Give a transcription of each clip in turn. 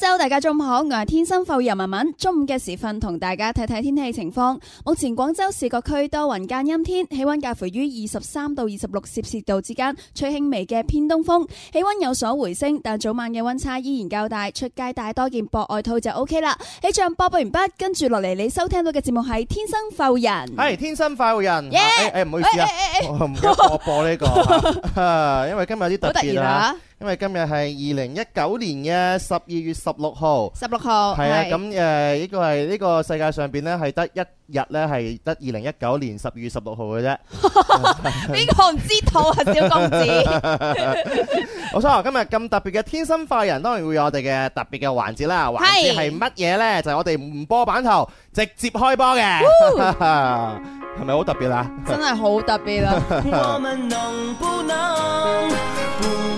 hello，大家中午好，我係天生富人文文，中午嘅時分同大家睇睇天氣情況。目前廣州市各區多雲間陰天，氣溫介乎於二十三到二十六攝氏度之間，吹輕微嘅偏東風，氣溫有所回升，但早晚嘅溫差依然較大，出街帶多件薄外套就 OK 啦。氣象播報完畢，跟住落嚟你收聽到嘅節目係天生富人，係天生富人，唔、yeah 哎哎，好意思啊，唔、哎哎哎哎，播呢、這個， 因為今日有啲特別啦因為今日係二零一九年嘅十二月十六號，十六號係啊，咁誒呢個係呢個世界上邊呢，係得一日呢，係得二零一九年十二月十六號嘅啫。邊個唔知道啊，小公子。 好彩啊！今日咁特別嘅天生快人，當然會有我哋嘅特別嘅環節啦。環節係乜嘢呢？就係，是，我哋唔播版頭，直接開播嘅，係咪好特別啊？真係好特別啦，啊！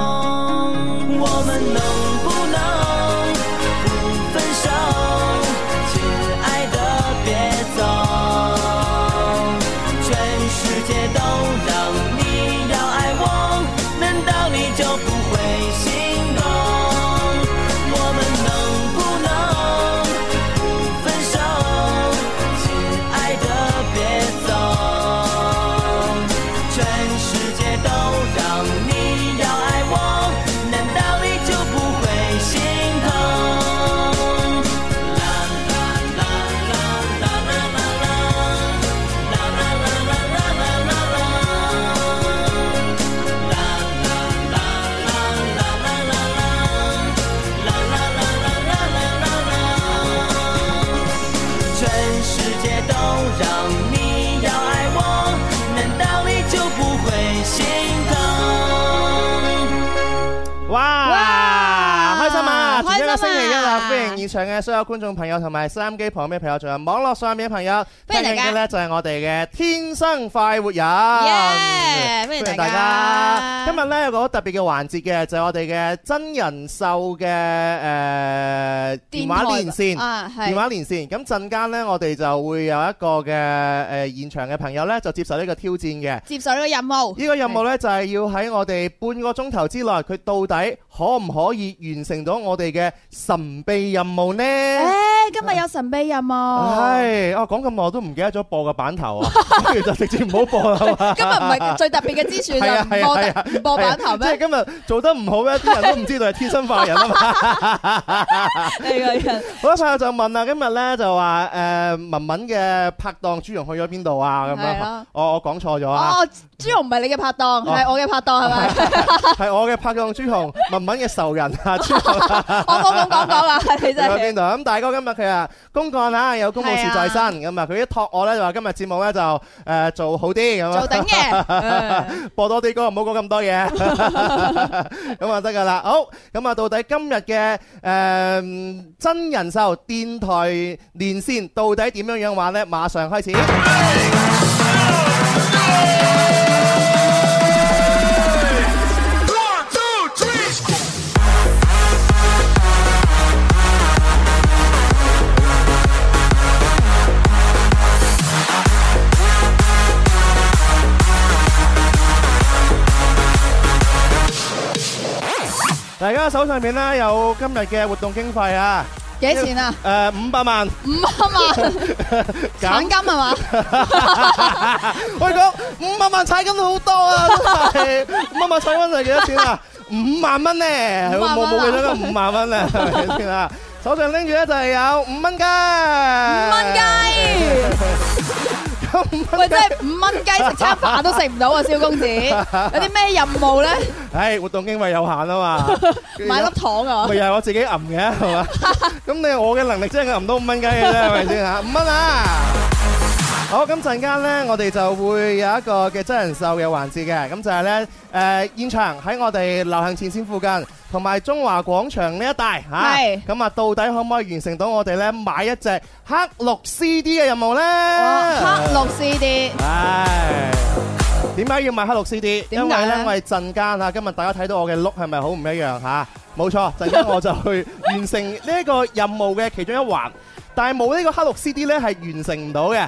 場嘅所有觀眾朋友同埋收音機旁邊嘅朋友，仲有網絡上面嘅朋友，歡迎嘅呢就係、是、我哋嘅天生快活人 yeah, 歡。歡迎大家！今日呢，有個特別嘅環節嘅，就係、是、我哋嘅真人秀嘅誒、呃、電話連線，電,、啊、電話連線。咁陣間呢，我哋就會有一個嘅誒、呃、現場嘅朋友呢，就接受呢個挑戰嘅，接受呢個任務。呢、這個任務呢，是就係、是、要喺我哋半個鐘頭之內，佢到底。可唔可以完成到我哋嘅神秘任務呢？誒、欸，今日有神秘任務。係，啊，講咁耐都唔記得咗播個版頭啊，不 如就直接唔好播啦。今日唔係最特別嘅資訊，唔 播，啊，唔播版頭咩？即係今日做得唔好咧，啲人都唔知道係天生化人啦嘛。呢 個人好多朋友就問啦，今日咧就話誒、呃，文文嘅拍檔朱紅去咗邊度啊？咁樣，我我講錯咗啊。哦，哦朱紅唔係你嘅拍檔，係、哦、我嘅拍檔係咪？係 我嘅拍檔 朱紅文嘅仇人啊！我我冇講講啦，喺邊度？咁大哥今日佢啊公幹啊，有公務事在身咁啊，佢一託我咧就話今日節目咧就誒做好啲咁啊，做頂嘅播多啲歌，唔好講咁多嘢，咁啊得噶啦。好，咁啊到底今日嘅誒真人秀電台連線到底點樣樣玩咧？馬上開始。大家手上面咧有今日嘅活動經費啊，幾錢啊？誒、呃，五百萬，五百萬彩 金係嘛？我哋講五百萬彩金都好多啊，真係五百萬彩金係幾多錢啊？五萬蚊咧，冇冇，記得，五萬蚊咧，係咪先啊？啊 手上拎住咧就係有五蚊雞，五蚊雞。 喂，真係五蚊雞食餐飯都食唔到啊，蕭 公子！有啲咩任務咧？唉、哎，活動經費有限啊嘛， 買粒糖啊！咪又係我自己揞嘅，係嘛？咁 你我嘅能力真係揞到五蚊雞嘅啫，係咪先吓？五蚊啊！好，咁陣間呢，我哋就會有一個嘅真人秀嘅環節嘅。咁就係呢，誒，現場喺我哋流行前線附近同埋中華廣場呢一帶吓。咁啊，到底可唔可以完成到我哋呢買一隻黑綠 C D 嘅任務呢？黑綠 C D。唉，點解要買黑綠 C D？因為呢，因為陣間啊，今日大家睇到我嘅碌係咪好唔一樣吓？冇錯，陣間我就去完成呢一個任務嘅其中一環， 但係冇呢個黑綠 C D 呢，係完成唔到嘅。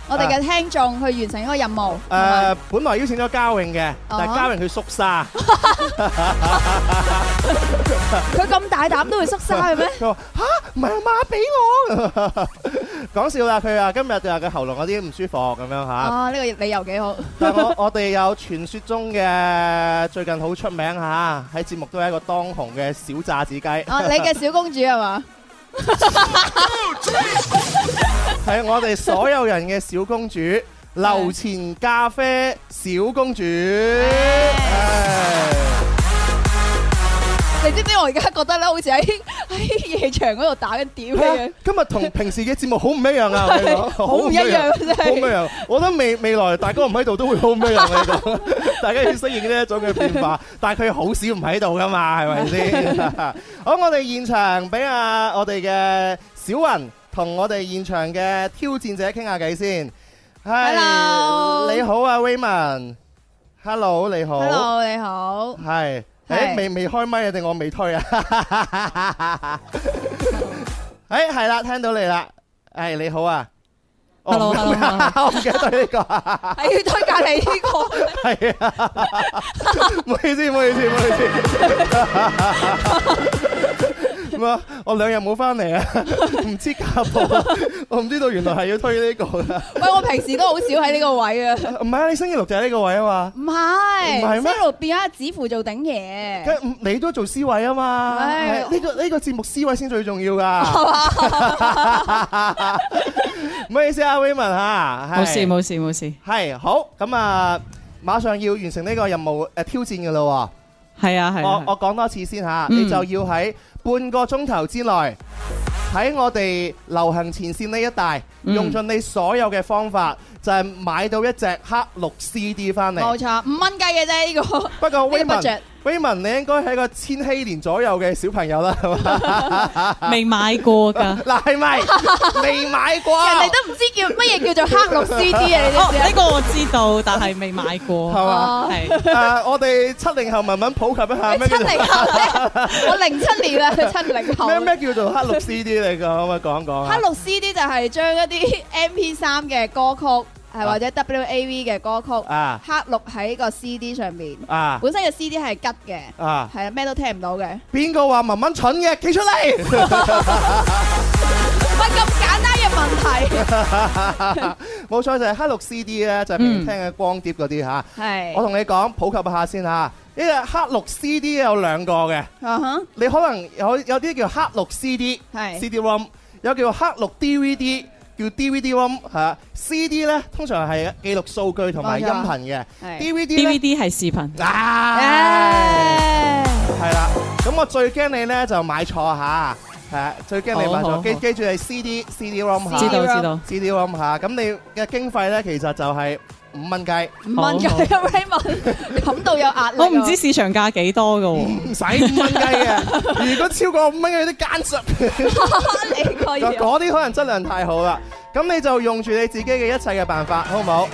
我哋嘅聽眾去完成一個任務。誒，本來邀請咗嘉穎嘅，但係嘉穎去縮沙。佢咁大膽都會縮沙嘅咩？佢話嚇，唔係阿媽俾我。講笑啦，佢啊，今日對話嘅喉嚨有啲唔舒服咁樣嚇。哦，呢個理由幾好。但係我我哋有傳說中嘅最近好出名嚇，喺節目都係一個當紅嘅小炸子雞。哦，你嘅小公主係嘛？係。 我哋所有人嘅小公主，樓前咖啡小公主。你知唔知我而家覺得咧，好似喺喺夜場嗰度打緊碟咁樣。啊、今日同平時嘅節目好唔一樣啊！好唔一樣好唔一、就是、一樣，我覺得未未來大哥唔喺度都會好唔一樣喺、啊、度。 大家要適應呢一種嘅變化， 但係佢好少唔喺度噶嘛，係咪先？ 好，我哋現場俾阿、啊、我哋嘅小雲。同我哋現場嘅挑戰者傾下偈先。Hello，你好啊 Raymond。Hello，你好。Hello，你好。係，誒，未未開麥定我未推啊？誒，係啦，聽到你啦。誒，你好啊。Hello，Hello。我唔記得推呢個。我要推隔籬呢個。係啊。唔好意思，唔好意思，唔好意思。我兩日冇翻嚟啊！唔知家婆，我唔知道原來係要推呢個。喂，我平時都好少喺呢個位啊。唔係啊，你星期六就係呢個位啊嘛。唔係。唔係咩？星期六變咗阿子扶做頂爺。咁你都做 C 位啊嘛？呢個呢個節目 C 位先最重要噶、啊。唔 好意思啊，Raymond 嚇。冇事冇事冇事。係好咁啊！馬上要完成呢個任務誒、啊、挑戰㗎啦。係啊係、啊。我我講多次先嚇，你就要喺。半個鐘頭之內，喺我哋流行前線呢一帶，嗯、用盡你所有嘅方法，就係、是、買到一隻黑綠 CD 翻嚟。冇錯，五蚊雞嘅啫呢個。不過，威菲文，man, 你應該係一個千禧年左右嘅小朋友啦，係嘛？未買過噶， 嗱係咪？未買過，人哋都唔知叫乜嘢叫做黑綠 C D 啊？呢、哦這個我知道， 但係未買過，係嘛？係，誒，我哋七零後慢慢普及一下。七零後， 我零七年啦，佢七零後。 咩咩叫做黑綠 C D 嚟噶？可唔可以講一講啊？黑綠 C D 就係將一啲 M P 三嘅歌曲。係或者 WAV 嘅歌曲，啊、黑錄喺個 CD 上面，啊，本身嘅 CD 係吉嘅，係、啊、咩都聽唔到嘅。邊個話文文蠢嘅？企出嚟，乜 咁 簡單嘅問題？冇錯就係黑錄 CD 咧，就係、是、聽嘅光碟嗰啲吓。我同你講普及一下先吓，呢、這個黑錄 CD 有兩個嘅、uh -huh。你可能有有啲叫黑錄 CD，CD ROM，有叫黑錄 DVD。叫 DVD ROM 嚇、啊、，CD 咧通常係記錄數據同埋音頻嘅、哎。DVD 咧，DVD 係視頻。係、啊、啦，咁、yeah! 啊、我最驚你咧就買錯嚇，係、啊、最驚你買錯。記記住係 CD CD ROM 嚇。知道下知道。CD ROM 嚇，咁、啊、你嘅經費咧其實就係、是。五蚊雞、啊 啊嗯，五蚊雞，Raymond，感到有壓力。我唔知市場價幾多噶，唔使五蚊雞嘅，如果超過五蚊雞，有啲奸質。你個人，嗰啲可能質量太好啦。咁你就用住你自己嘅一切嘅辦法，好唔好？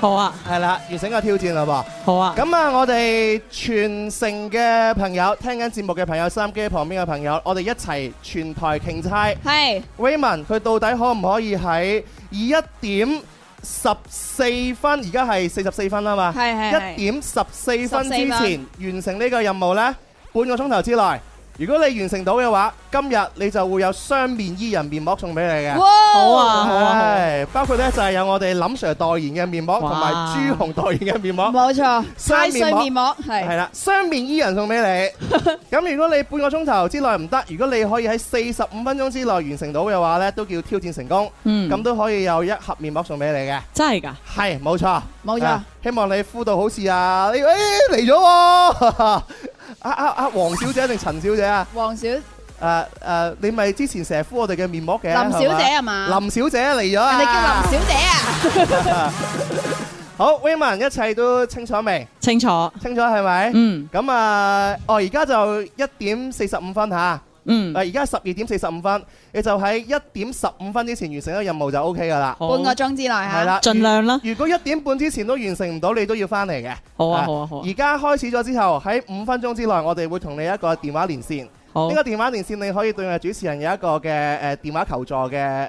好啊，係啦，完成個挑戰啦噃。好啊，咁啊，我哋全城嘅朋友，聽緊節目嘅朋友，收音機旁邊嘅朋友，我哋一齊全台競猜。係，Raymond 佢到底可唔可以喺廿一點？十四分，而家係四十四分啦嘛，一點十四分之前分完成呢個任務咧，半個鐘頭之內。如果你完成到嘅話，今日你就會有雙面伊人面膜送俾你嘅。哇好、啊好啊！好啊，好啊，包括呢，就係、是、有我哋林 Sir 代言嘅面膜，同埋朱紅代言嘅面膜。冇錯，雙面面膜係係啦，雙面伊人送俾你。咁 如果你半個鐘頭之內唔得，如果你可以喺四十五分鐘之內完成到嘅話呢，都叫挑戰成功。咁、嗯、都可以有一盒面膜送俾你嘅。真係噶？係，冇錯。冇錯、啊。希望你敷到好事啊你！哎，嚟咗、啊。 啊啊啊黃小姐定陳小姐啊？黃小姐小姐，誒誒、啊啊，你咪之前成日敷我哋嘅面膜嘅。林小姐啊？嘛？林小姐嚟咗啊！你叫林小姐啊？ 好，Weiman，一切都清楚未？清楚，清楚係咪？嗯。咁啊，哦、啊，而家就一點四十五分吓。啊嗯，而家十二點四十五分，你就喺一點十五分之前完成咗任務就 O K 噶啦，半個鐘之內嚇，係啦了，盡量啦。如、如果一點半之前都完成唔到，你都要翻嚟嘅。好啊、啊好啊，好啊，而家開始咗之後，喺五分鐘之內，我哋會同你一個電話連線。呢好個電話連線你可以對我哋主持人有一個嘅誒電話求助嘅誒誒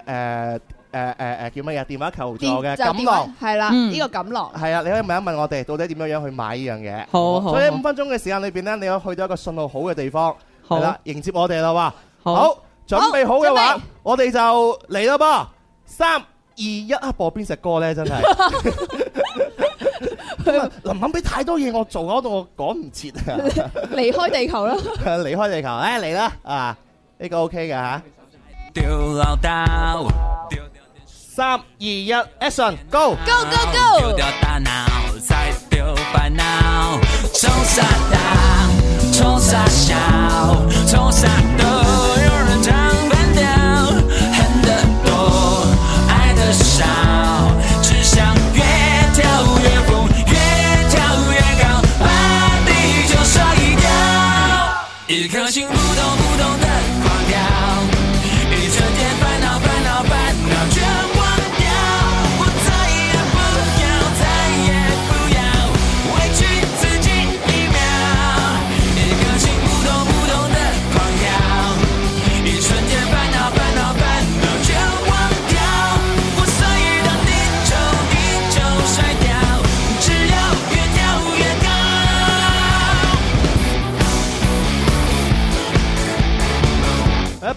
誒叫乜嘢？電話求助嘅錦，呃呃、囊，係啦，呢、嗯、個錦囊。係啊，你可以問一問我哋到底點樣樣去買呢樣嘢。好，啊，所以五分鐘嘅時間裏邊呢，你可去到一個信號好嘅地方。係啦，迎接我哋啦嘛，好，準備好嘅話，我哋就嚟咯噃，三二一，播邊隻歌咧，真係 林肯俾太多嘢我做，搞到我趕唔切啊，離 開地球咯，離開地球，哎嚟啦，啊，呢個 OK 嘅吓，三二一，Action，Go，Go Go Go，, go, go! go, go, go! 從傻小，從傻到有人唱反調，恨得多，愛得少。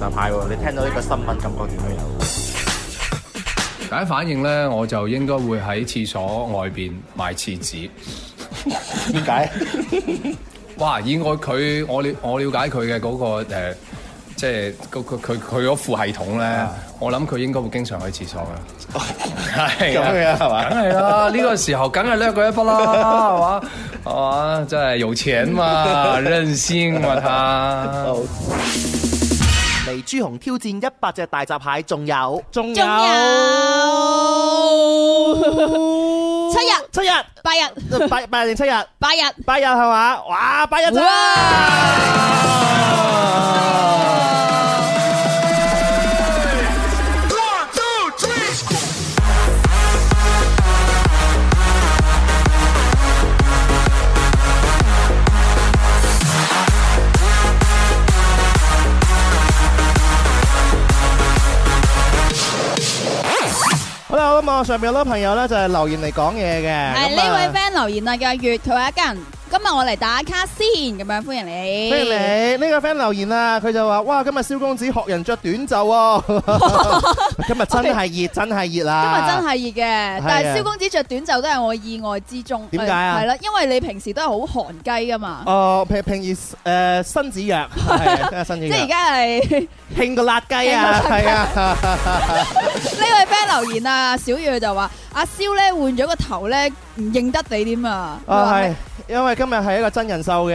你聽到呢個新聞感覺點樣？第一反應咧，我就應該會喺廁所外邊買廁紙。點 解？哇！以我佢我了我瞭解佢嘅嗰個、呃、即係嗰個佢佢嗰副系統咧， 我諗佢應該會經常去廁所噶。係 咁、啊、樣係嘛？梗係啦，呢、這個時候梗係叻佢一筆啦，係嘛？啊，真係有錢嘛， 任性。嘛、oh.，朱紅挑戰一百隻大閘蟹，仲有，仲有七日，七日，八日，八、呃、八日定七日，八日，八日係嘛，哇，八日真。哇 好啊嘛，上邊好多朋友咧就係留言嚟講嘢嘅，係呢位 friend 留言啊，叫阿月兔一根。今日我嚟打卡先，咁樣歡迎你。歡迎你，呢、嗯呢個 friend 留言啊，佢就話：，哇，今日蕭公子學人着短袖、哦 今日 okay.，今日真係熱，真係熱啦今日真係熱嘅，但係蕭公子着短袖都係我意外之中。點解啊？係啦，因為你平時都係好寒雞噶嘛。哦，平平日誒、呃、身子弱，係身子,是身子即係而家係興個辣雞啊！係啊！呢位 friend 留言啊，小月就話：阿蕭咧換咗個頭咧，唔認得你添啊？哦是，係。因為今日係一個真人秀嘅誒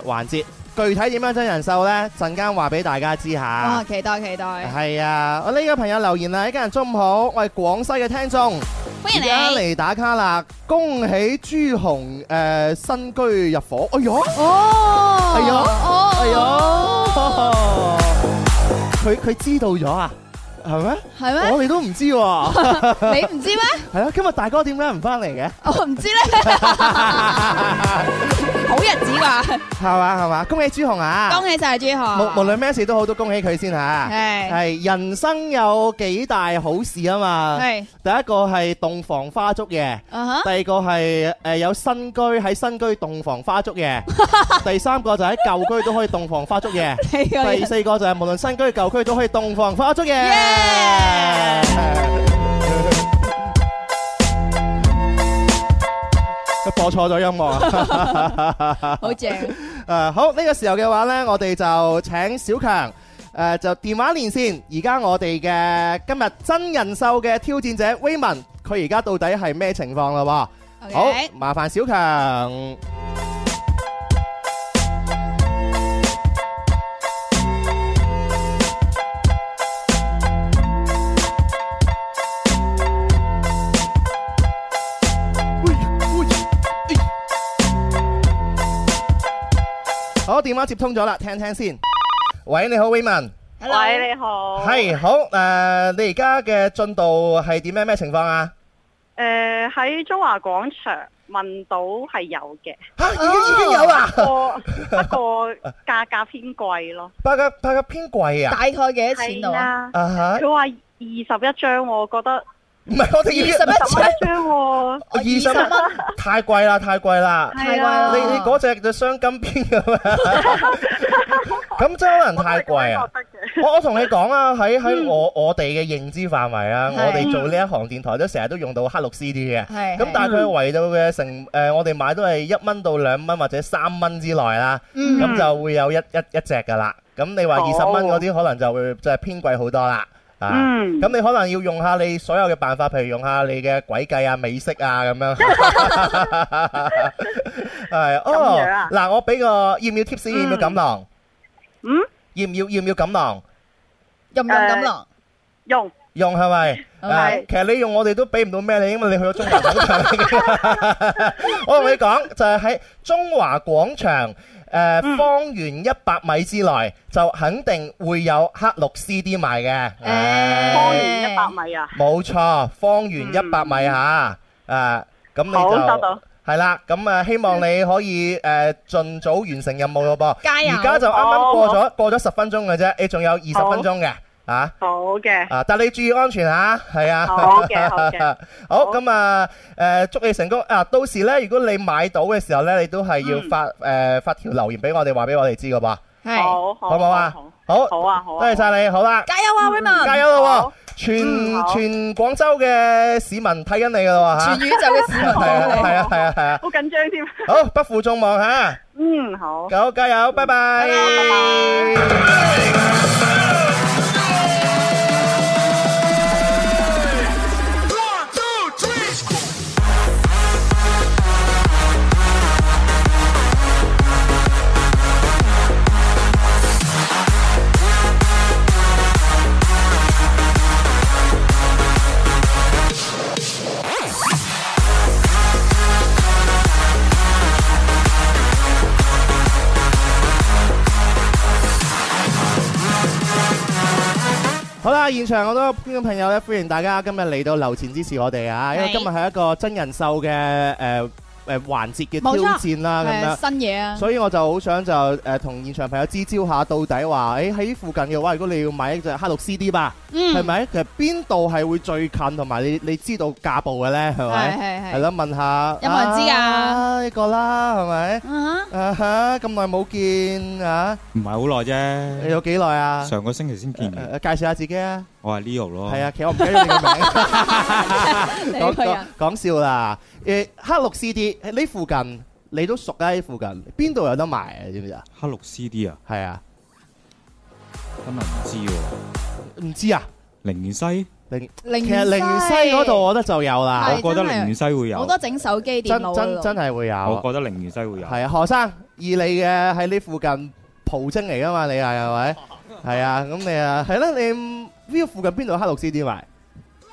環節，具體點樣真人秀呢？陣間話俾大家知吓。啊、哦，期待期待。是啊，我呢個朋友留言啦，一家人中午好，我係廣西嘅聽眾，歡迎你。而家嚟打卡啦，恭喜朱紅、呃、新居入伙，哎呦哦，哎呦哦，哎呦佢佢、哦哎哦哦、知道咗啊。係咩？係咩？我哋都唔知，你唔知咩？係啊，今日大哥點解唔翻嚟嘅？我唔知咧，好日子啩？係嘛係嘛，恭喜朱紅啊！恭喜晒朱紅。無無論咩事都好，都恭喜佢先吓。係，係人生有幾大好事啊？嘛係。第一個係洞房花燭夜，第二個係誒有新居喺新居洞房花燭夜。第三個就喺舊居都可以洞房花燭夜。係啊。第四個就係無論新居舊居都可以洞房花燭夜。都 播錯咗音樂啊 很棒、 呃！好正。誒，好呢個時候嘅話呢，我哋就請小強誒、呃，就電話連線。而家我哋嘅今日真人秀嘅挑戰者威文，佢而家到底係咩情況啦？Okay. 好，麻煩小強。我電話接通咗啦，聽聽先。喂，你好，Weiman。喂、呃，你好。係好誒，你而家嘅進度係點樣咩咩情況啊？誒、呃，喺中華廣場問到係有嘅。吓、啊，已經已經有啦、啊。不過，不過價價格偏貴咯。價格價格偏貴啊？大概幾多錢啊？佢話二十一張，張我覺得。唔係，我哋要二十一張喎，二十蚊太貴啦，太貴啦， 你 你嗰隻 就雙金邊嘅咩？咁真可能太貴啊！我同你講 喺喺喺我同你講啊，喺、嗯、喺我我哋嘅認知範圍啊， 我哋做呢一行電台都成日都用到刻錄 C D 嘅，咁但係佢圍到嘅成誒、嗯呃，我哋買都係一蚊到兩蚊或者三蚊之內啦，咁、嗯、就會有一一一隻噶啦。咁你話二十蚊嗰啲可能就會就係偏貴好多啦。嗯，咁你可能要用下你所有嘅辦法，譬如用下你嘅詭計啊、美色啊咁樣。係哦，嗱，我俾個要唔要 tips 先，要唔要錦囊？嗯？要唔要要唔要錦囊？用唔用錦囊？用用係咪？係。其實你用我哋都俾唔到咩你，因為你去咗中華廣場。我同你講就係喺中華廣場。誒，uh, 方圓一百米之內，嗯、就肯定會有黑綠 C D 賣嘅。誒、欸，方圓一百米啊！冇錯，方圓一百米吓，誒，咁你就得到係啦。咁、嗯、啊，希望你可以誒盡、uh, 早完成任務咯噃。加油！而家就啱啱過咗過咗十分鐘嘅啫，你仲有二十分鐘嘅。.啊，好嘅，啊，但你注意安全吓、啊，係啊，好嘅，好嘅， 好，咁啊，誒，祝你成功啊！到時咧，如果你買到嘅時候咧，你都係要發誒、嗯、發條留言俾我哋，話俾我哋知㗎噃，係，好，好唔好，好，好，好，好，好，好啊？好，好啊，好，多謝晒你，好、嗯、啦，加油啊，Raymond，加油咯，全全廣州嘅市民睇緊你噶啦，吓，全宇宙嘅市民，係啊，係啊，係啊，係啊，好緊張添，好不負眾望吓，嗯，好，啊、好加油好，拜拜。拜拜拜拜。好啦，現場好多觀眾朋友咧，歡迎大家今日嚟到樓前支持我哋啊！因為今日係一個真人秀嘅誒。呃誒，環節嘅挑戰啦，咁樣新嘢啊！所以我就好想就誒，同現場朋友支招下，到底話誒喺附近嘅話，如果你要買一隻黑膠 C D 吧，係咪？其實邊度係會最近，同埋你你知道價步嘅咧，係咪？係係係。係咯，問下有冇人知噶呢個啦，係咪？啊哈，咁耐冇見啊！唔係好耐啫，有幾耐啊？上個星期先見。介紹下自己啊！我係 Leo 咯，係啊，其實我唔記得你個名。講講講笑啦，誒，黑綠 CD 喺呢附近，你都熟啊？呢附近邊度有得賣啊？知唔知啊？黑綠 CD 啊，係啊，今日唔知喎，唔知啊？陵園西，陵陵其實陵園西嗰度，我覺得就有啦。我覺得陵園西會有好多整手機電腦，真真真係會有。我覺得陵園西會有。係啊，何生以你嘅喺呢附近蒲青嚟噶嘛？你係係咪？係啊，咁你啊，係啦，你 view 附近邊度黑鹿 C D 賣？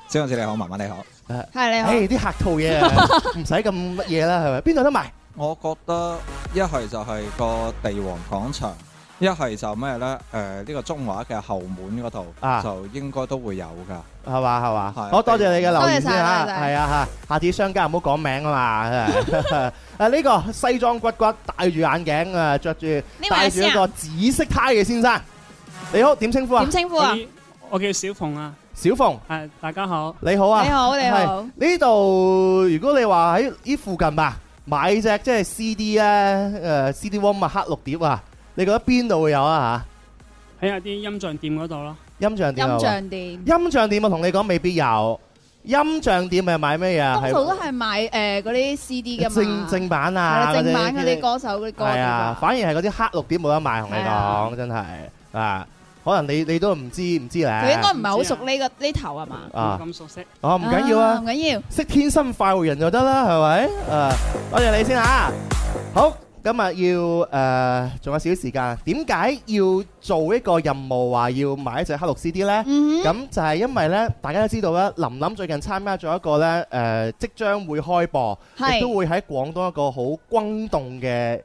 小先你好，麻麻你好，係、啊、你好，誒、欸、啲客套嘢，唔使咁乜嘢啦，係咪？邊度得埋？我覺得一係就係個地王廣場，一係就咩咧？誒、呃，呢、這個中華嘅後門嗰度啊，就應該都會有噶，係嘛係嘛，好多謝你嘅留言謝謝先謝謝啊，係啊吓，下次商家唔好講名啊嘛，誒 呢、 啊這個西裝骨骨戴住眼鏡啊，着住戴住一個紫色呔嘅先生。你好，點稱呼啊？點稱呼啊！我叫小鳳啊，小鳳係，大家好，你好啊，你好你好。呢度如果你話喺呢附近啊，買隻即係 C D 咧，誒 C D one 啊，黑綠碟啊，你覺得邊度會有啊吓？喺下啲音像店嗰度咯，音像店，音像店，音像店我同你講未必有，音像店係買咩嘢？多數都係買誒嗰啲 C D 噶嘛，正正版啊，正版嗰啲歌手嗰啲歌，係啊，反而係嗰啲黑綠碟冇得賣，同你講真係啊。可能你你都唔知唔知咧，佢應該唔係好熟呢個呢頭吖嘛？啊咁熟悉哦，唔緊要啊，唔緊要，識天生快活人就得啦，係咪？啊，多謝你先嚇。好，今日要誒仲有少少時間，點解要做一個任務話要買一隻黑綠 CD 咧？咁就係因為咧，大家都知道啦，林林最近參加咗一個咧誒，即將會開播，亦都會喺廣東一個好轟動嘅。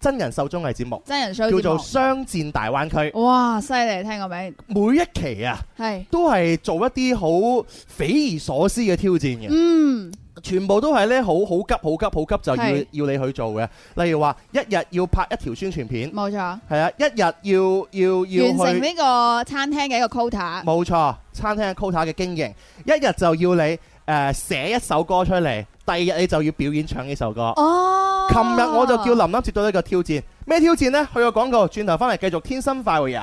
真人秀綜藝節目，真人秀叫做《商戰大灣區》。哇，犀利！聽過未？每一期啊，係都係做一啲好匪夷所思嘅挑戰嘅。嗯，全部都係呢，好好急、好急、好急，就要要你去做嘅。例如話，一日要拍一條宣傳片，冇錯。係啊，一日要要要完成呢個餐廳嘅一個 quota，冇錯。餐廳 quota 嘅經營，一日就要你誒寫、呃、一首歌出嚟，第二日你就要表演唱呢首歌。哦。琴日，我就叫林琳接到一個挑戰，咩挑戰咧？去個廣告，轉頭翻嚟繼續，天生快活人。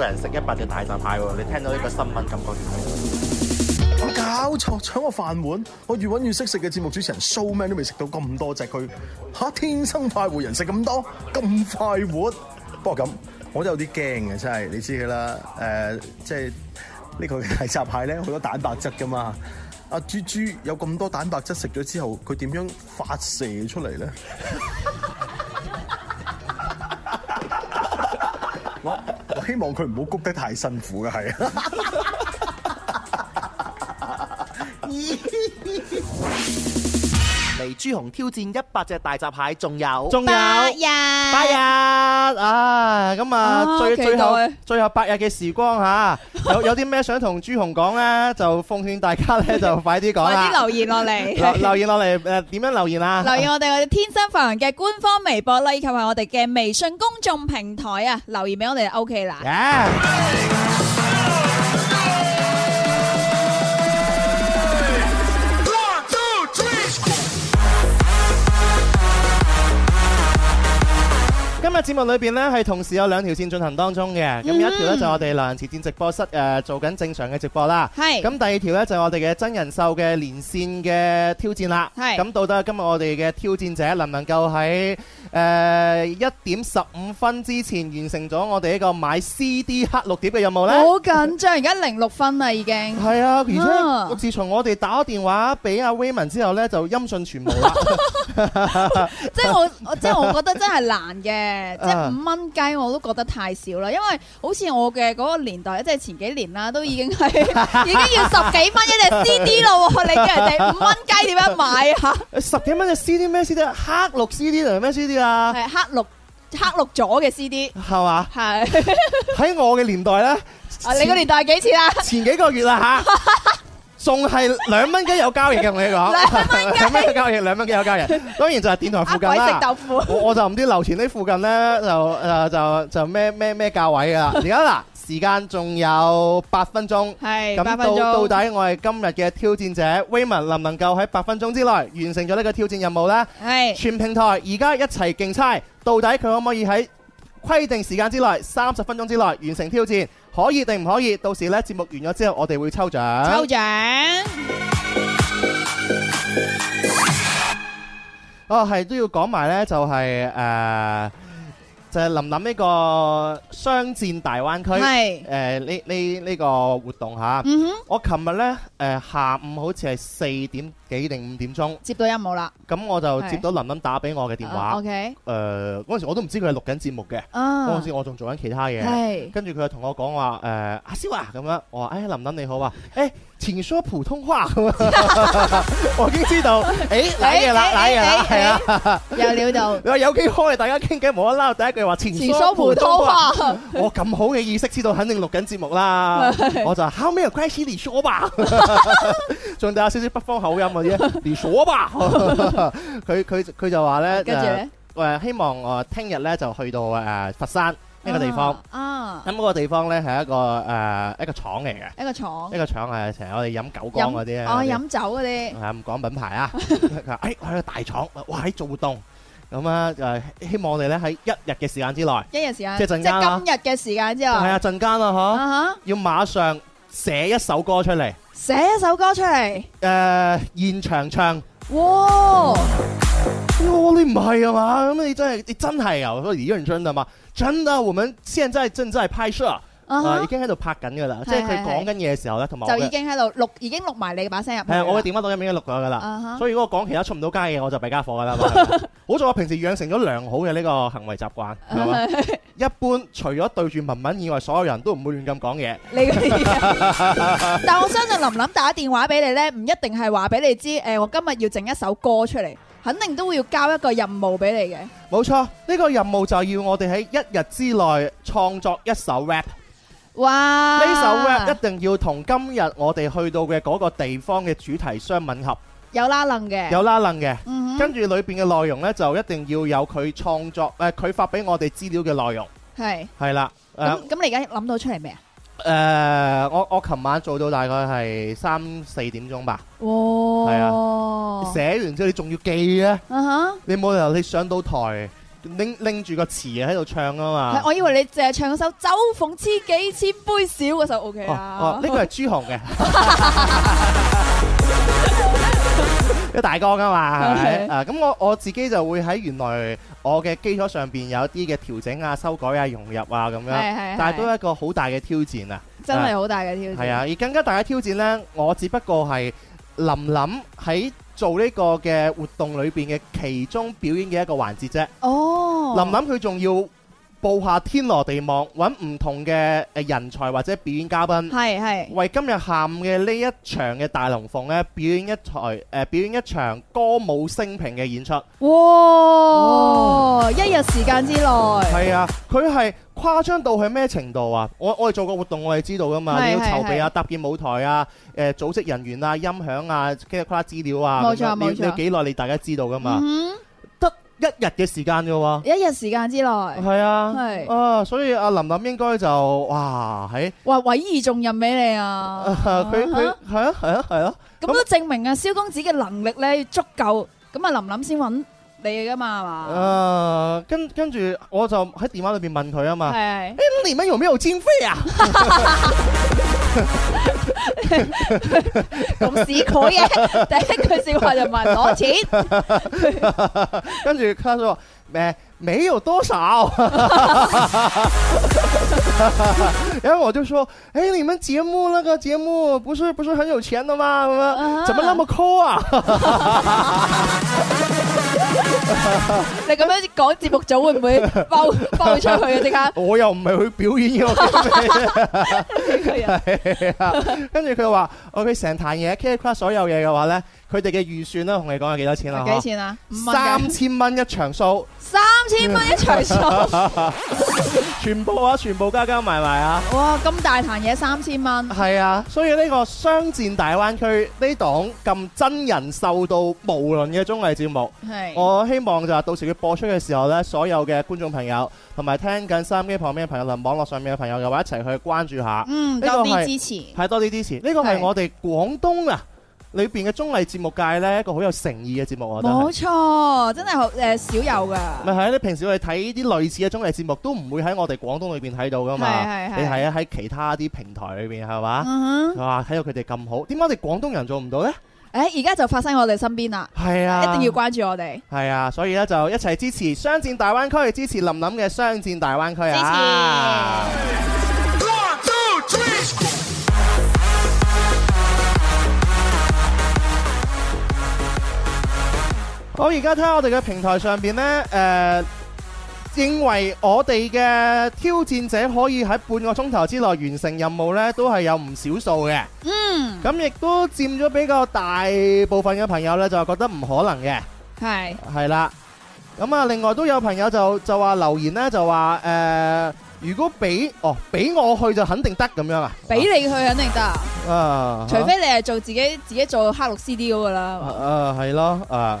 個人食一百隻大閘蟹你聽到呢個新聞感覺點？咁搞錯，搶我飯碗！我越揾越識食嘅節目主持人，showman 都未食到咁多隻佢嚇，佢天生快活人食咁多，咁快活。不過咁，我都有啲驚嘅，真係你知嘅啦。誒、呃，即係呢個大閘蟹咧，好多蛋白質㗎嘛。阿豬豬有咁多蛋白質食咗之後，佢點樣發射出嚟咧？ 我希望佢唔好谷得太辛苦嘅，係。嚟，朱紅挑戰一百隻大閘蟹，仲有，仲有八日，八日啊！咁啊，最最後最後八日嘅時光吓、啊， 有有啲咩想同朱紅講咧，就奉勸大家咧，就快啲講 快啲留言落嚟， 留言落嚟誒，點 樣留言啊？留言我哋我哋天生發人嘅官方微博啦，以及係我哋嘅微信公眾平台啊，留言俾我哋就 O K 啦。Yeah. 今日節目裏邊呢，係同時有兩條線進行當中嘅，咁有一條呢，就係、我哋《良人慈善》直播室誒、呃、做緊正常嘅直播啦。係咁，第二條呢，就係、我哋嘅真人秀嘅連線嘅挑戰啦。係咁，到底今日我哋嘅挑戰者能唔能夠喺誒一點十五分之前完成咗我哋呢個買 CD 黑膠碟嘅任務呢？好緊張，而家零六分啦，已經係啊！而且自從我哋打咗電話俾阿 Wyman 之後呢，就音訊全無啦。 即係我，即我，我覺得真係難嘅。即係五蚊雞，我都覺得太少啦，因為好似我嘅嗰個年代，即係前幾年啦，都已經係已經要十幾蚊一隻 CD 咯。 你叫人哋五蚊雞點樣買吓？啊！十幾蚊隻 CD 咩 CD？黑綠 CD 定係咩 CD 啊？係黑綠黑綠咗嘅 CD，係嘛？係喺吧 我嘅年代咧 前、啊，你個年代係幾錢啊？前幾個月啦，吓、啊。 仲係兩蚊雞有交易嘅，同 你講兩蚊雞有交易，兩蚊雞有交易。當然就係電台附近啦。 食豆腐， 我就唔知樓前呢附近呢，就、呃、就就咩咩咩價位啦。而家嗱，時間仲有八分鐘，咁 到到底我哋今日嘅挑戰者 Weman 能唔能夠喺八分鐘之內完成咗呢個挑戰任務呢？係全平台而家一齊競猜，到底佢可唔可以喺規定時間之內，三十分鐘之內完成挑戰？可以定唔可以？到時咧節目完咗之後，我哋會抽獎。抽獎。哦，係都要講埋咧，就係、是、誒、呃，就係、是、林林呢個商戰大灣區，係誒呢呢呢個活動吓、啊嗯哼。我琴日咧誒下午好似係四點。幾定五點鐘接到音冇啦，咁我就接到琳琳打俾我嘅電話。誒，嗰、uh, 陣、okay? 呃、時我都唔知佢係錄緊節目嘅，嗰、uh, 陣時我仲做緊其他嘢。他就跟住佢同我講話，誒、呃，阿蕭啊，咁、啊、樣。我話，誒、哎，琳琳你好啊，誒、哎，請說普通話。 我已經知道，誒、欸，你你你你係啊，又了 有料到。你話有機開，大家傾偈冇得啦，第一句話，請說普通話。通話 我咁好嘅意識知道，肯定錄緊節目啦。 我就 How many questions you show 吧。仲有少少北方口音嘅啫，連鎖吧。佢佢佢就話咧，跟住咧，誒希望誒聽日咧就去到誒佛山一個地方。啊，咁嗰個地方咧係一個誒一個廠嚟嘅，一個廠，一個廠係成日我哋飲九江嗰啲咧，哦飲酒嗰啲，係唔講品牌啊。佢話誒喺個大廠，哇喺做活動，咁啊誒希望我哋咧喺一日嘅時間之內，一日時間即係陣間啦。今日嘅時間之後，係啊陣間啊嚇，要馬上寫一首歌出嚟。寫一首歌出嚟誒，現場唱，哇、嗯，哇，你唔係啊嘛，你真係，你真係又、啊，我說你認真的嗎？真的，我們現在正在拍攝。啊！已經喺度拍緊㗎啦，即係佢講緊嘢嘅時候咧，同埋就已經喺度錄，已經錄埋你嘅把聲入。係啊，我嘅電話錄音已經錄咗㗎啦。所以如果我講其他出唔到街嘅，我就弊家伙㗎啦。好在我平時養成咗良好嘅呢個行為習慣，係嘛？一般除咗對住文文以外，所有人都唔會亂咁講嘢。你嘅嘢。但係我相信琳琳打電話俾你咧，唔一定係話俾你知。誒，我今日要整一首歌出嚟，肯定都會要交一個任務俾你嘅。冇錯，呢個任務就要我哋喺一日之內創作一首 rap。哇！呢首 rap 一定要同今日我哋去到嘅嗰個地方嘅主題相吻合。有拉楞嘅，有拉楞嘅。跟住裏邊嘅內容呢，就一定要有佢創作，誒，佢發俾我哋資料嘅內容。係係啦。咁咁，你而家諗到出嚟未啊？誒，我我琴晚做到大概係三四點鐘吧。哇！係啊，寫完之後你仲要記啊？啊哈！你冇理由你上到台。拎擰住個詞喺度唱啊嘛，我以為你淨係唱首《酒逢知己千杯少》嗰首 O K 啊，哦呢、哦這個係朱紅嘅，一 大哥噶嘛，係、okay。咪？啊咁我我自己就會喺原來我嘅基礎上面有一啲嘅調整啊、修改啊、融入啊咁樣，但係都係一個好大嘅挑戰啊，真係好大嘅挑戰，係啊，啊！而更加大嘅挑戰咧，我只不過係諗諗喺。做呢個嘅活動裏邊嘅其中表演嘅一個環節啫。哦，琳琳佢仲要。布下天羅地網，揾唔同嘅誒人才或者表演嘉賓，係係為今日下午嘅呢一場嘅大龍鳳咧表演一台誒、呃、表演一場歌舞升平嘅演出哇。哇！一日時間之內，係啊，佢係誇張到去咩程度啊？我我哋做個活動，我哋知道噶嘛。你要籌備啊，搭建舞台啊，誒、呃、組織人員啊，音響啊，其他嗰啲資料啊，冇錯冇錯。要幾耐？你，你，你大家知道噶嘛？嗯一日嘅時間嘅喎，一日時間之內，係啊，係啊、呃，所以阿琳琳應該就哇喺，哇委以重任俾你啊，佢佢係啊係啊係啊，咁、啊啊啊啊啊啊嗯、都證明啊蕭公子嘅能力咧足夠，咁啊琳琳先揾你噶嘛係嘛，啊啊、跟跟住我就喺電話裏邊問佢啊嘛，誒、啊啊、你們有沒有經費啊？ 咁屎佢嘅， 第一句說話就問攞錢， 跟住卡嫂話。咩、哎？沒有多少， 然後我就說，哎，你們節目那個節目不是不是很有錢的嗎？怎麼那麼摳啊？ 你咁樣講，節目組會唔會爆爆出去啊？點解？我又唔係去表演嘅，係啊。跟住佢話，OK，成壇嘢 k cross 所有嘢嘅話咧。佢哋嘅預算咧，同你講下幾多錢啦？幾錢啊？元三千蚊一場數，三千蚊一場數 全部啊，全部加加埋埋啊！哇，咁大壇嘢三千蚊？係啊！所以呢個商戰大灣區呢檔咁真人秀到無論嘅綜藝節目，係我希望就係到時佢播出嘅時候呢，所有嘅觀眾朋友同埋聽緊收音機旁邊嘅朋友同網絡上面嘅朋友又一齊去關注一下，嗯，呢個、多啲支持，係多啲支持。呢、呢個係我哋廣東啊，裏邊嘅綜藝節目界咧，一個好有誠意嘅節目，我覺得。冇錯，真係好誒，少有噶。咪係咧，平時我哋睇啲類似嘅綜藝節目，都唔會喺我哋廣東裏邊睇到噶嘛。係係係。你係啊，喺其他啲平台裏邊係嘛？哇，睇到佢哋咁好，點解我哋廣東人做唔到咧？誒，而家就發生喺我哋身邊啦。係啊。一定要關注我哋。係啊，所以咧就一齊支持雙戰大灣區，支持林林嘅雙戰大灣區啊！支持。好現在看看我而家睇我哋嘅平台上邊呢，誒、呃，認為我哋嘅挑戰者可以喺半個鐘頭之內完成任務呢，都係有唔少數嘅。嗯，咁亦都佔咗比較大部分嘅朋友呢，就係覺得唔可能嘅。係係啦，咁啊，那另外都有朋友就就話留言呢，就話誒、呃，如果俾哦俾我去就肯定得咁樣啊，俾你去肯定得啊，除非你係做自己、啊、自己做黑綠 C D U 噶啦。啊，係、啊、咯，啊。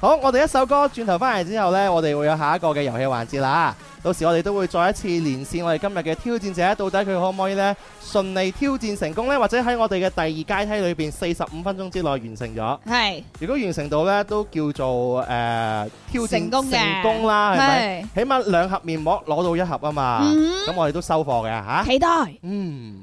好，我哋一首歌轉頭翻嚟之後呢，我哋會有下一個嘅遊戲環節啦。到時我哋都會再一次連線我哋今日嘅挑戰者，到底佢可唔可以呢？順利挑戰成功呢？或者喺我哋嘅第二階梯裏邊四十五分鐘之內完成咗。係，如果完成到呢，都叫做誒、呃、挑戰成功，成功啦，係咪？起碼兩盒面膜攞到一盒啊嘛。咁、mm-hmm. 我哋都收貨嘅吓，期待。嗯。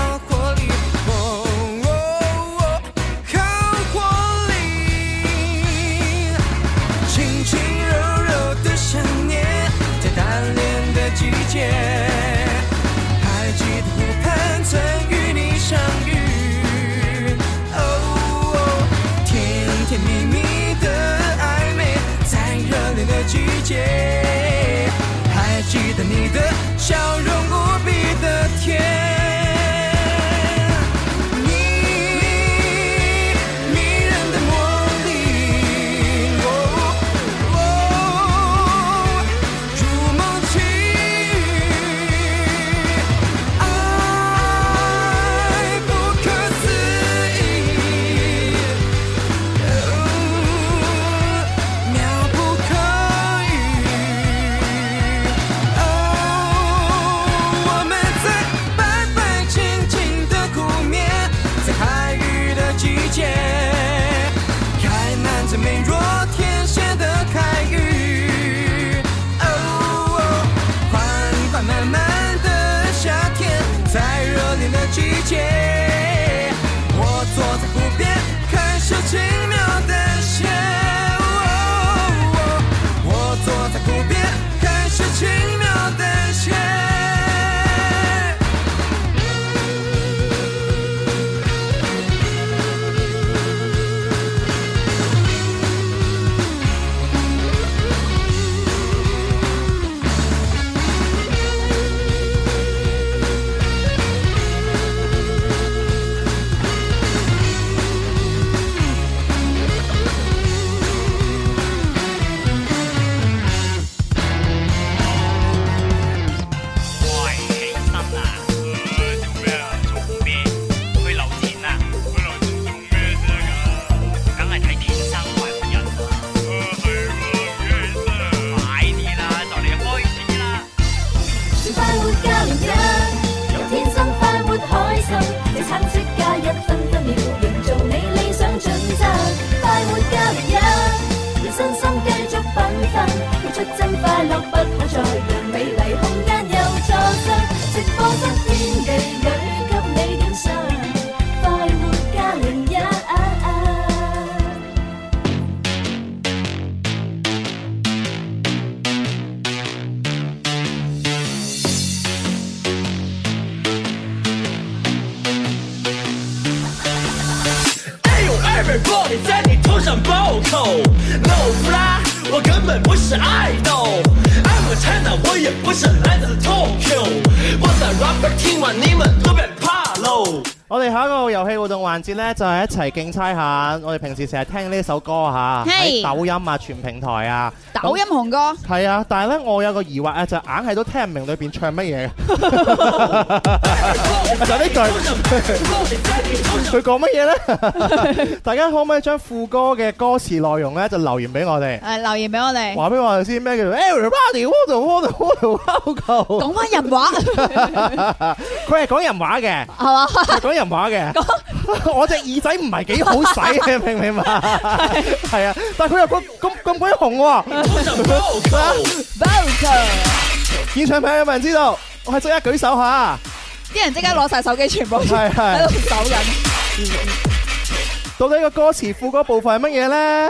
笑容。環節咧就係、是、一齊競猜一下，我哋平時成日聽呢首歌吓，喺、hey. 抖音啊、全平台啊。好、嗯、抖音紅歌係啊，但係咧我有個疑惑啊，就硬係都聽唔明裏邊唱乜嘢 講些句笑。就呢句佢講乜嘢咧？大家可唔可以將副歌嘅歌詞內容咧就留言俾我哋？誒，留言俾我哋。話俾我哋先，咩叫做 Everybody World World World World World？講翻人話，佢係講人話嘅，係嘛？講人話嘅。我隻耳仔唔係幾好使，你明唔明白？係 啊是的笑，但係佢又咁咁鬼紅。我想報仇！報仇！現場朋友有冇人知道？我係即刻舉手吓，啲人即刻攞晒手機，全部喺度走人。到底個歌詞副歌部分係乜嘢咧？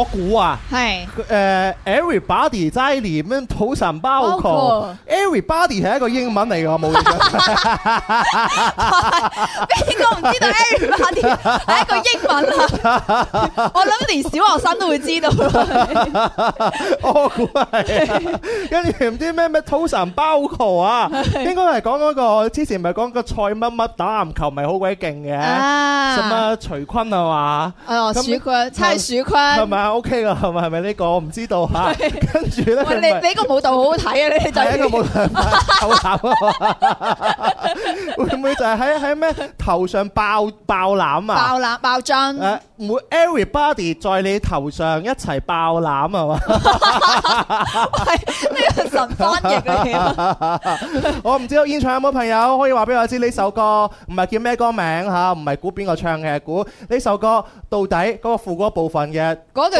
我估啊，係誒、呃、everybody 齋臉咁土神包球，everybody 係一個英文嚟嘅，冇錯。邊個唔知道 everybody 係一個英文啊？我諗連小學生都會知道 我是、啊。我估係跟住唔知咩咩土神包球啊是，應該係講嗰個之前咪講個蔡乜乜打籃球咪好鬼勁嘅，什麼徐坤啊？嘛？哦，徐坤，蔡徐坤係嘛？O K 噶，係咪係咪呢個？我唔知道吓。跟住咧，你你個舞蹈好好睇啊！你就呢個舞蹈好慘啊！會唔會就係喺喺咩頭上爆爆籃啊？爆籃爆樽！誒，唔會 everybody 在你頭上一齊爆籃係嘛？係咩神翻譯嘅嘢？我唔知道現場有冇朋友可以話俾我知呢首歌唔係叫咩歌名吓？唔係估邊個唱，其實估呢首歌到底嗰個副歌部分嘅嗰句。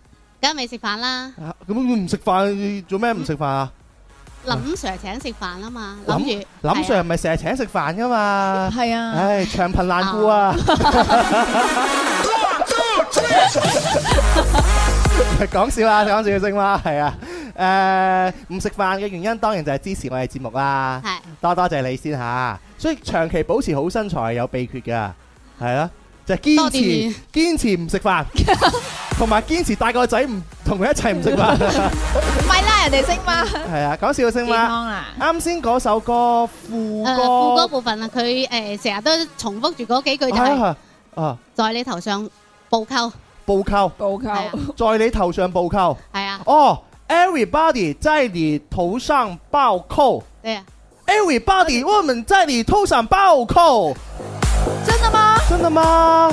而家未食飯啦，咁唔食飯做咩？唔食飯啊？林 Sir 請食飯啊嘛，諗住林 Sir 唔係成日請食飯噶嘛，係啊，唉，長貧難顧啊！唔係講笑啊，講笑啫嘛，係啊，誒，唔食飯嘅原因當然就係支持我哋節目啦，係，多多謝你先吓，所以長期保持好身材有秘訣噶，係啊。就堅、是、持堅持唔食飯，同埋堅持帶個仔唔同佢一齊唔食飯，唔係啦，人哋食嘛。係啊，講笑食嘛。啦、啊。啱先嗰首歌副歌、啊。副歌部分啊，佢誒成日都重複住嗰幾句就是啊。啊。在你頭上暴扣。暴扣。暴扣、啊。在你頭上暴扣。係啊。哦、oh，everybody 在你頭上暴扣。對、啊。everybody woman 在你頭上暴扣。真的㗎嘛？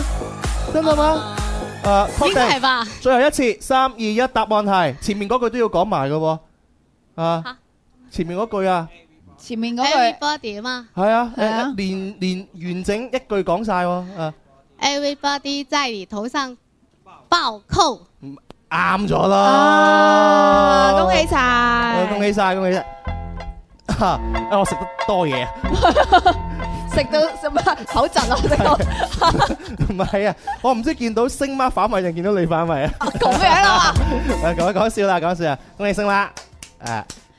真的㗎嘛？誒，確定最後一次，三二一，答案係前面嗰句都要講埋嘅喎。啊，前面嗰句啊，前面嗰句。Everybody 嘛？係啊係啊，連連完整一句講晒喎。啊，Everybody 在你頭上爆扣。啱咗啦！恭喜晒！恭喜晒！恭喜晒！吓，我食得多嘢。食到乜口窒咯食到。唔係啊，我唔知見到星媽反胃定見到你反胃啊？咁樣啊？誒，講下講下笑啦，講笑啊！恭喜星啦！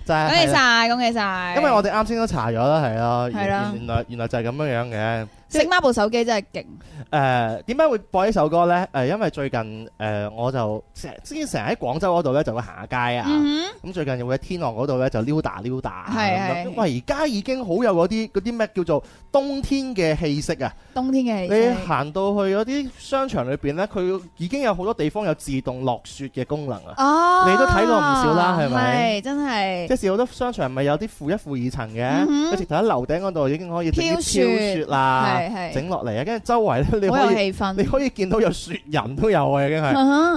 誒，恭喜晒，恭喜晒！因為我哋啱先都查咗啦，係咯，原來原來就係咁樣樣嘅。食媽部手機真係勁！誒，點解會播呢首歌咧？誒、呃、因為最近誒、呃、我就成日之前成日喺廣州嗰度咧就會行下街啊，咁、mm -hmm. 最近又會喺天河嗰度咧就溜達溜達。係喂，而家、呃、已經好有嗰啲啲咩叫做冬天嘅氣息啊！冬天嘅氣息。你行到去嗰啲商場裏邊咧，佢已經有好多地方有自動落雪嘅功能啊！哦，你都睇過唔少啦，係咪？真係。即係好多商場咪有啲負一負二層嘅、啊，直頭喺樓頂嗰度已經可以直接飄雪啦、啊。整落嚟啊，跟住周圍咧你可以氣氛，你可以見到有雪人都有啊，已經係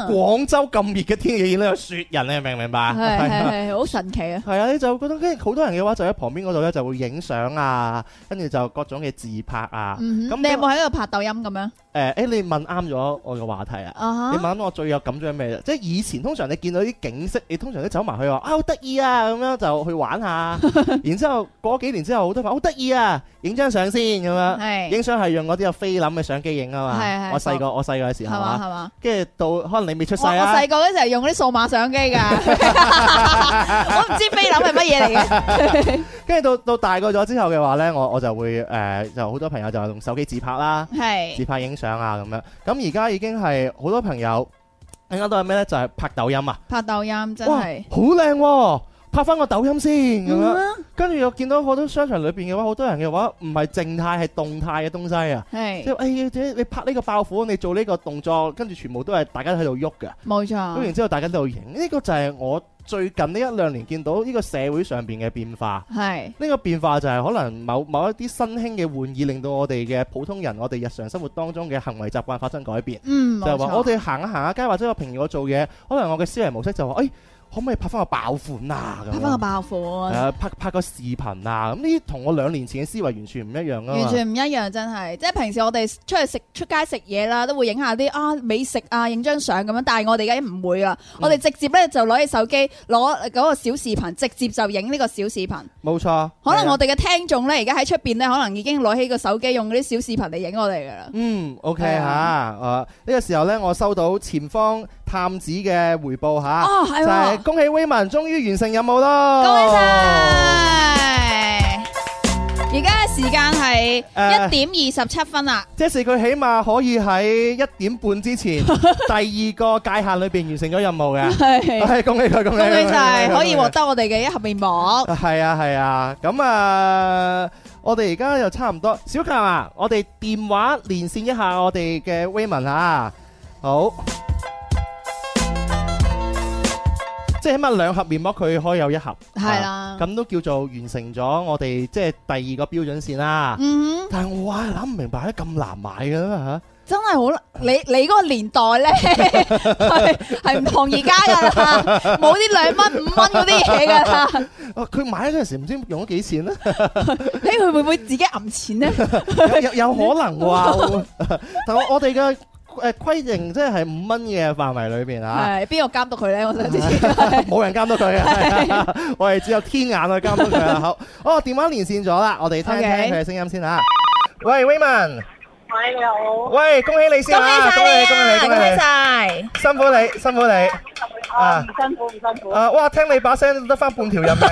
廣州咁熱嘅天氣咧有雪人，你明唔明白？係係係好神奇啊！係啊，你就覺得跟住好多人嘅話就喺旁邊嗰度咧就會影相啊，跟住就各種嘅自拍啊，咁、嗯、那你有冇喺度拍抖音咁樣？誒、欸，你問啱咗我個話題啊！Uh -huh. 你問我最有感嘅咩？即係以前通常你見到啲景色，你通常都走埋去話啊，好得意啊，咁樣就去玩下。 然之後過幾年之後，好多朋友好得意啊，影張相先咁樣。影相係用嗰啲有菲林嘅相機影啊嘛。係。我細個我細個嘅時候係嘛。跟住到可能你未出世我細個嗰陣用嗰啲數碼相機㗎。 我唔知菲林係乜嘢嚟嘅。跟 住到到大個咗之後嘅話咧，我我就會、呃、就好多朋友就用手機自拍啦。自拍影。啊咁樣，咁而家已經係好多朋友，啱都係咩呢？就係、是、拍抖音啊！拍抖音真係好靚喎，拍翻個抖音先咁樣。跟住又見到好多商場裏面嘅話，好多人嘅話唔係靜態，係動態嘅東西啊。即係、欸、你拍呢個爆款，你做呢個動作，跟住全部都係大家喺度喐嘅。冇錯。咁然之後大家都喺度影，呢、這個就係我。最近呢一兩年見到呢個社會上邊嘅變化，呢是個變化就係可能某某一啲新興嘅玩意，令到我哋嘅普通人，我哋日常生活當中嘅行為習慣發生改變。嗯、就係話我哋行下行下街，或者我平時我做嘢，可能我嘅思維模式就話、是、誒。哎可唔可以拍翻個爆款啊？拍翻個爆款，啊拍拍個視頻啊！咁呢啲同我兩年前嘅思維完全唔一樣啊！完全唔一樣，真係！即係平時我哋出去食出街食嘢啦，都會影下啲啊美食啊，影張相咁樣。但係我哋而家唔會啊！嗯、我哋直接咧就攞起手機，攞嗰個小視頻，直接就影呢個小視頻。冇錯錯。可能我哋嘅聽眾咧，而家喺出邊咧，可能已經攞起個手機，用嗰啲小視頻嚟影我哋噶啦。嗯，OK 吓、嗯啊，啊呢、這個時候咧，我收到前方。探子嘅回報吓、哦，就係、是、恭喜威文終於完成任務咯！恭喜你！而家時間係一點二十七分啦，即、呃 就是佢起碼可以喺一點半之前 第二個界限裏邊完成咗任務嘅。係恭喜佢，恭喜佢！晒，就是、可以獲得我哋嘅一盒面膜。係、嗯、啊，係啊，咁啊，、呃、啊，我哋而家又差唔多，小強啊，我哋電話連線一下我哋嘅威文啊，好。即係起碼兩盒面膜，佢可以有一盒，係啦，咁都叫做完成咗我哋即係第二個標準線啦。但係我係諗唔明白，點解咁難買嘅咧嚇？真係好啦，你你嗰個年代咧係係唔同而家嘅啦，冇啲兩蚊五蚊嗰啲嘢㗎啦。佢買嗰陣時唔知用咗幾錢咧？嘿，佢會唔會自己揞錢咧？有有可能喎，但係我我哋嘅。誒、嗯、規定即係五蚊嘅範圍裏邊啊！係邊個監督佢咧？我想知冇 人監督佢啊！ 是的 我哋只有天眼去監督佢啊！ 好哦，電話連線咗啦，我哋聽聽佢嘅聲音先嚇。Okay. 喂，Raymond。喂，你好。喂，恭喜你先啦！恭喜晒，恭喜恭喜恭喜晒！辛苦你，辛苦你啊！唔辛苦唔辛苦。啊哇，聽你把聲得翻半條人命。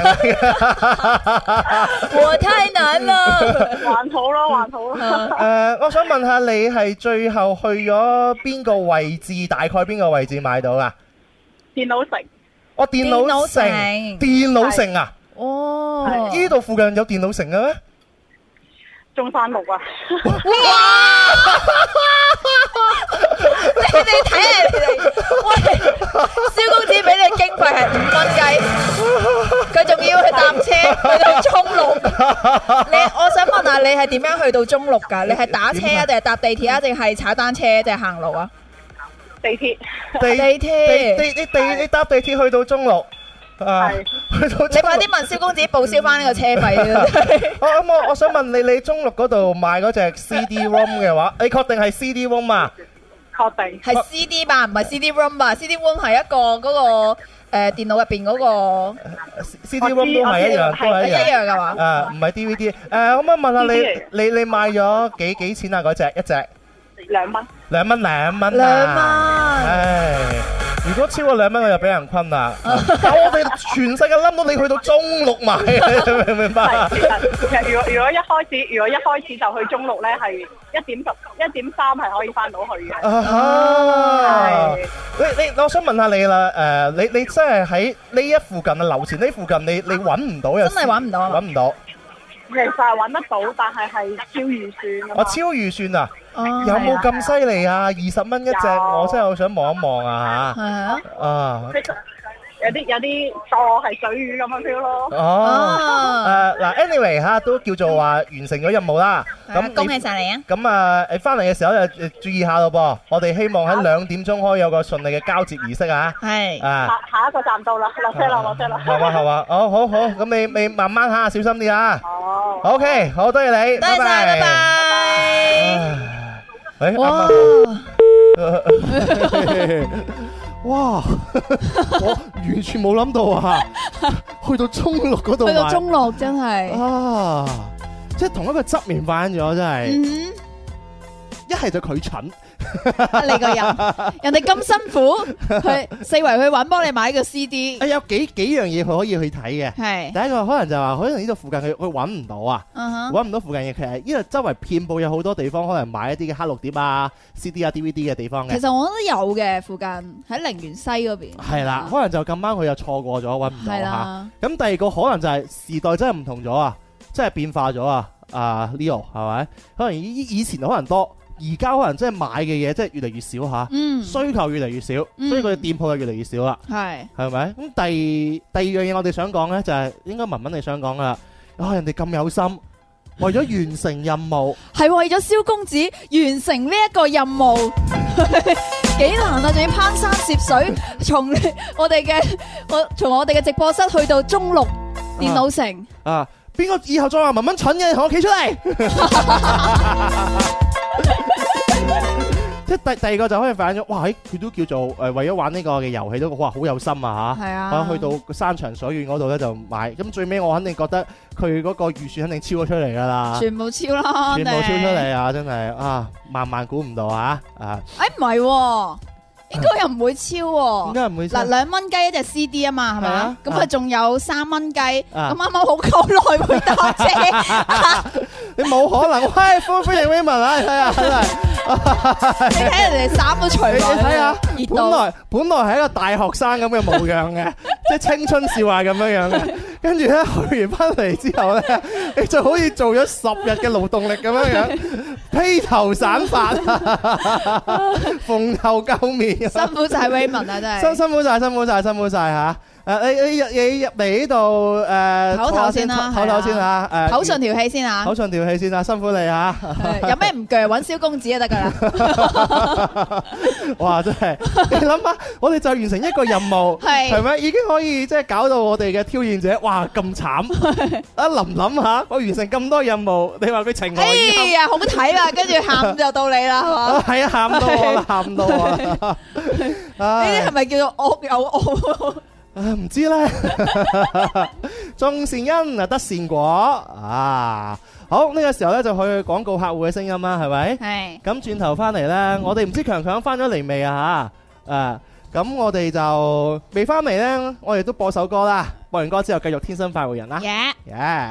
我太難啦，還好啦，還好啦。誒，我想問下，你係最後去咗邊個位置？大概邊個位置買到噶？電腦城。哦，電腦城，電腦城啊？哦，呢度附近有電腦城嘅咩？中山路啊！哇！ 哇你睇下你，你哋，喂，蕭公子俾你經費係五蚊雞，佢仲要去搭車 去到中六。你，我想問下你係點樣去到中六噶？你係打車啊，定係搭地鐵啊，定係踩單車定係行路啊？地鐵，地鐵，你你搭地鐵去到中六。啊、是中你快啲問蕭公子報銷翻呢個車費、嗯、啊、嗯 啊嗯！我想問你，你中六嗰度買嗰隻 CD ROM 嘅話，你確定係 CD ROM 嘛、啊？確定係 CD 吧？唔係 CD ROM 吧？CD ROM 係一個嗰、嗰個誒、呃、電腦入邊嗰個、啊、CD ROM 都係一樣，係一樣噶嘛？啊，唔係 DVD、啊。誒，咁啊問下你，你你買咗幾幾錢啊？嗰隻一隻兩蚊，兩蚊兩蚊兩蚊。兩如果超過兩蚊，我又俾人昆啦。我哋全世界冧到你去到中六買，明唔明白？其實，如果如果一開始，如果一開始就去中六咧，係一點十、一點三係可以翻到去嘅。係你你，我想問下你啦，誒，你你真係喺呢一附近啊，樓前呢附近，你你搵唔到啊？真係搵唔到，搵唔到。其實係搵得到，但係係超預算。我超預算啊！哦，有冇咁犀利啊？二十蚊一隻，我真係好想望一望啊！吓，啊，啊。啊有啲有啲座係水魚咁樣漂咯哦，誒嗱，anyway 吓都叫做話完成咗任務啦。咁恭喜晒你啊！咁啊，你翻嚟嘅時候就注意下咯噃。我哋希望喺兩點鐘可以有個順利嘅交接儀式啊。係啊，下一個站到啦，落車啦，落車啦。係嘛係嘛，好好好，咁你你慢慢吓，小心啲啊。好。OK，好多謝你，多謝，拜拜。拜拜。誒，哇！哇！我完全冇諗到啊， 去到中六嗰度，去到中六真係啊，即係同一個側面翻咗，真係，一係就佢蠢。 啊，你個人人哋咁辛苦四去四圍去揾，幫你買個 CD 。有幾幾樣嘢佢可以去睇嘅。係第一個可能就話，可能呢度附近佢佢揾唔到啊，揾、uh、唔 -huh. 到附近嘅其實，因為周圍遍布有好多地方，可能買一啲嘅黑錄碟啊、CD 啊、DVD 嘅地方嘅。其實我都有嘅，附近喺陵園西嗰邊。係啦，嗯，可能就咁啱佢又錯過咗，揾唔到吓、啊。咁、啊、第二個可能就係時代真係唔同咗啊，真係變化咗啊。啊 Leo 係咪？可能以以前可能多。而家可能真係買嘅嘢，真係越嚟越少吓、嗯，需求越嚟越少，嗯、所以佢嘅店鋪就越嚟越少啦。係係咪？咁第第二樣嘢我哋想講咧，就係、是、應該文文你想講噶啦。啊，人哋咁有心，為咗完成任務，係 為咗蕭公子完成呢一個任務，幾 難啊！仲要攀山涉水，從我哋嘅我從我哋嘅直播室去到中六電腦城。啊！邊、啊、個以後再話文文蠢嘅，同我企出嚟。 即第第二個就可以反映咗，哇！佢、欸、都叫做誒、呃、為咗玩呢個嘅遊戲都哇好有心啊嚇、係啊，去到山長水遠嗰度咧就買，咁最尾我肯定覺得佢嗰個預算肯定超咗出嚟噶啦，全部超啦、啊啊，全部超出嚟啊！真係啊，萬萬估唔到啊！啊，唔、哎、係、啊，應該又唔會超喎、啊，點解唔會超？嗱兩蚊雞一隻 CD 啊嘛，係咪？咁啊仲有三蚊雞，咁啱啱好夠耐，會多啫。 你冇可能，哎，歡迎 Raymond 啊，你睇下真係， 你睇人哋衫都除咗，睇下，本來本來係一個大學生咁嘅模樣嘅， 即係青春笑話咁樣樣嘅， 跟住咧去完翻嚟之後咧，你就好似做咗十日嘅勞動力咁樣樣，披 頭散髮，蓬頭垢面，辛苦晒 Raymond 啊，真係，辛辛苦晒，辛苦晒，辛苦晒吓。誒，你入你入嚟呢度誒，唞唞先啦，唞唞先吓，唞順條氣先吓，唞順條氣先吓，辛苦你吓，有咩唔鋸揾蕭公子啊得噶啦，哇真係，你諗下，我哋就完成一個任務，係係咪已經可以即係搞到我哋嘅挑戰者？哇咁慘！阿林林吓，我完成咁多任務，你話俾情何？哎呀，好睇啦，跟住喊就到你啦，係嘛？係啊，喊到我啦，喊到我，呢啲係咪叫做惡有惡？唔、呃、知呢，種 善因啊得善果啊，好呢、這個時候呢，就去廣告客戶嘅聲音啦，係咪？係。咁轉頭翻嚟呢，我哋唔知強強翻咗嚟未啊吓？咁我哋就未翻嚟呢，我哋都播首歌啦。播完歌之後繼續天生快活人啦。耶、yeah. yeah.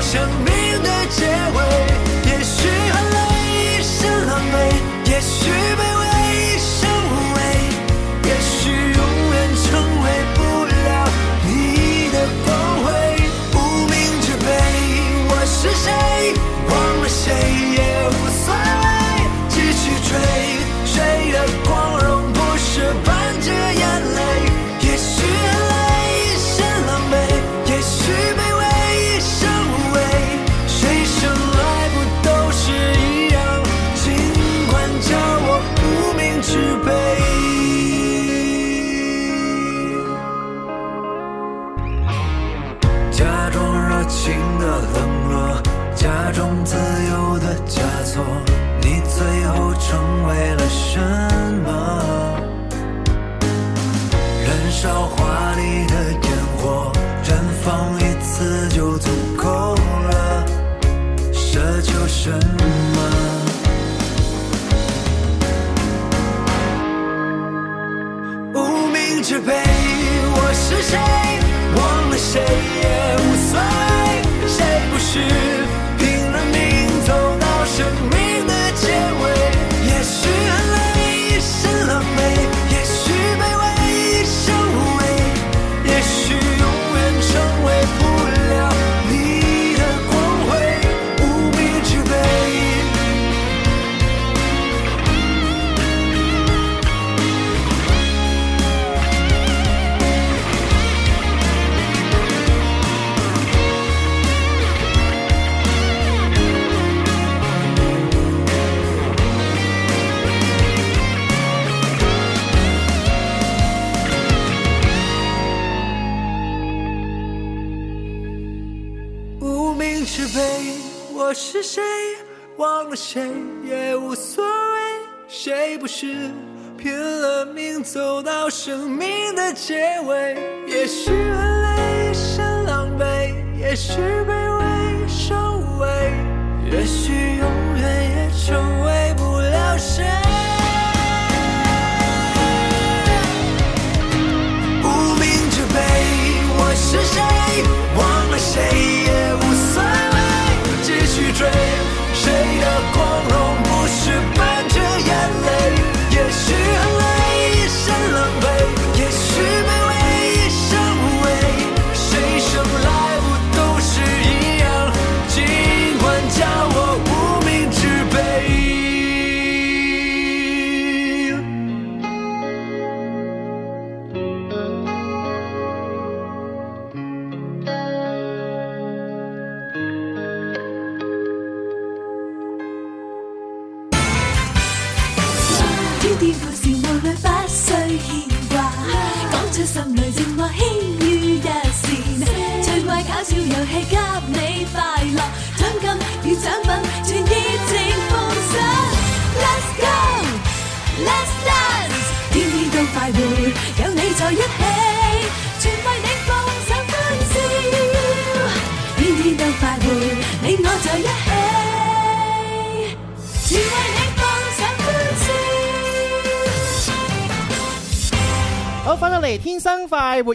生命的結尾，也許很累，一身狼狽，也許卑微。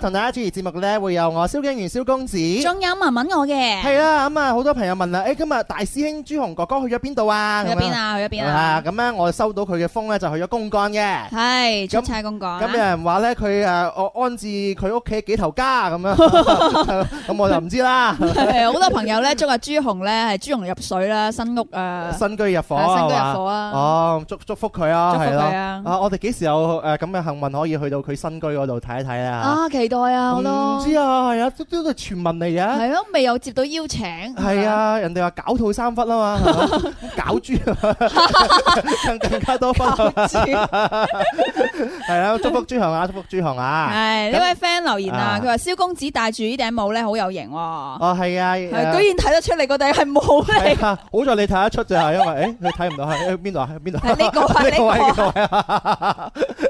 同大家主持節目咧，會有我蕭敬元蕭公子，仲有雯雯我嘅。係啦，咁啊，好多朋友問啦，誒，今日大師兄朱紅哥哥去咗邊度啊？去咗邊啊？去咗邊啊？咁咧，我收到佢嘅封咧，就去咗公幹嘅。係出差公幹。咁有人話咧，佢誒，我安置佢屋企幾頭家咁樣？咁我就唔知啦。好多朋友咧祝阿朱紅咧係朱紅入水啦，新屋啊，新居入伙啊，係嘛？哦，祝祝福佢啊，係咯。啊，我哋幾時有誒咁嘅幸運可以去到佢新居嗰度睇一睇啊？啊，其唔知啊，係、嗯、啊，啊，都都係傳聞嚟嘅。係咯，未有接到邀請。係啊，啊人哋話搞兔三窟啊嘛， 搞豬主笑，更加多分。係啊，祝福豬行啊，祝福豬行啊。係呢位 friend 留言啊，佢話蕭公子戴住呢頂帽咧，好有型。啊，係、哦、啊，啊，啊，居然睇得出來的是是、啊 是啊、你個頂係冇。好在你睇得出就係，因為誒，你睇唔到係邊度啊？邊度、啊？係呢個啊，呢 個。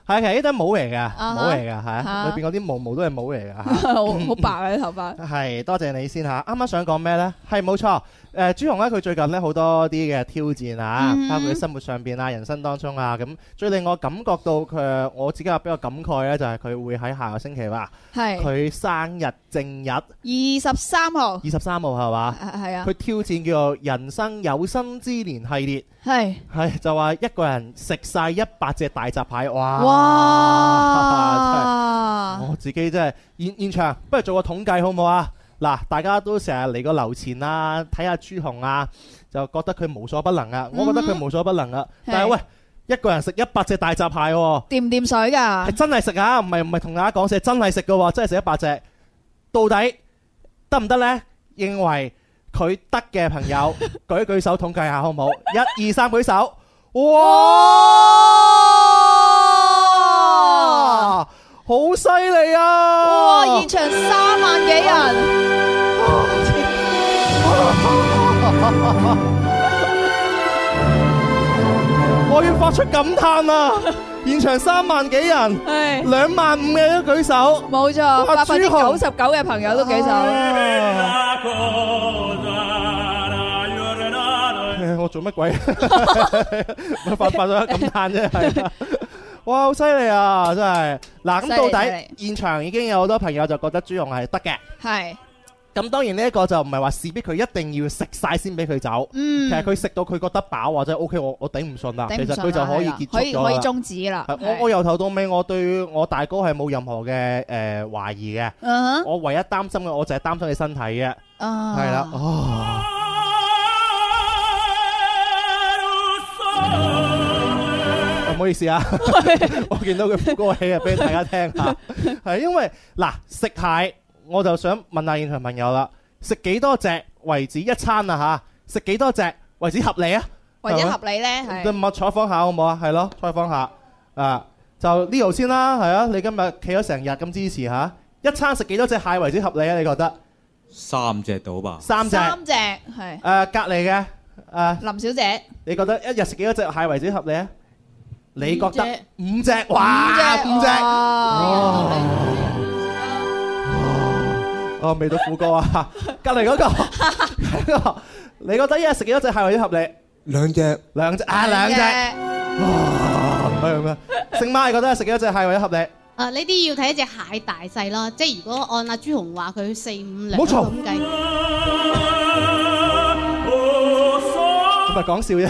係，其實呢啲都係毛嚟噶，毛嚟噶，係 啊，裏邊嗰啲毛毛都係毛嚟噶，吓，好白啊啲頭髮。係，多謝你先吓。啱啱想講咩咧？係冇錯，誒、呃，朱紅咧、啊，佢最近咧好多啲嘅挑戰啊，uh -huh. 包括生活上邊啊、人生當中啊，咁最令我感覺到佢，我自己有比較感慨咧，就係佢會喺下個星期吧、啊，係、uh、佢 -huh. 生日正日二十三號，二十三號係嘛？係係啊。佢挑戰叫做《人生有生之年》系列。係係就話一個人食晒一百隻大閘蟹，哇！哇！哇哇我自己真係現現場，不如做個統計好唔好啊？嗱，大家都成日嚟個樓前啊，睇下朱紅啊，就覺得佢無所不能啊！我覺得佢無所不能啊！嗯、但係喂，一個人食一百隻大閘蟹，掂唔掂水㗎？係真係食啊！唔係唔係同大家講笑，真係食㗎，真係食一百隻，到底得唔得呢？認為？佢得嘅朋友舉一舉手統計下好唔好？一二三舉手，哇，好犀利啊！哇，現場三萬幾人，哇，我要發出感嘆啊！現場三萬幾人，唉，兩萬五嘅都舉手，冇錯，百分之九十九嘅朋友都舉手。做乜鬼？ 發發咗咁嘆啫， 哇！好犀利啊，真係。嗱、啊、咁到底現場已經有好多朋友就覺得豬肉係得嘅，係。咁當然呢一個就唔係話，事必佢一定要食晒先俾佢走，嗯。其實佢食到佢覺得飽或者 O K，我我頂唔順啦。其實佢就可以結束可以可以終止啦。我我由頭到尾我對我大哥係冇任何嘅誒、呃、懷疑嘅。Uh -huh. 我唯一擔心嘅我就係擔心你身體嘅。哦、uh -huh.，係、啊、啦，哦、啊。唔、啊、好意思啊， 我見到佢鼓過氣啊，俾大家聽吓，係 因為嗱食蟹，我就想問下現場朋友啦，食幾多隻為止一餐啊吓？食、啊、幾多隻為止合理啊？為止合理呢？咧，我採訪下好唔好啊？係咯，採訪下啊，就 Leo 先啦，係啊，你今日企咗成日咁支持吓、啊，一餐食幾多隻蟹為止合理啊？你覺得三隻到吧？三隻，三隻係。誒，隔籬嘅誒，林小姐，你覺得一日食幾多隻蟹為止合理啊？你覺得五隻？哇，五隻！哦，哦，未到副歌啊！隔籬嗰個哈哈 你，啊啊嗯嗯，你覺得一日食幾多隻蟹為一合理？兩隻，兩隻啊，兩隻。哦，係咪？姓馬你覺得食幾多隻蟹為一合理？誒，呢啲要睇隻蟹大細咯，即係如果按阿朱紅話佢四五兩咁計。唔係講笑啫。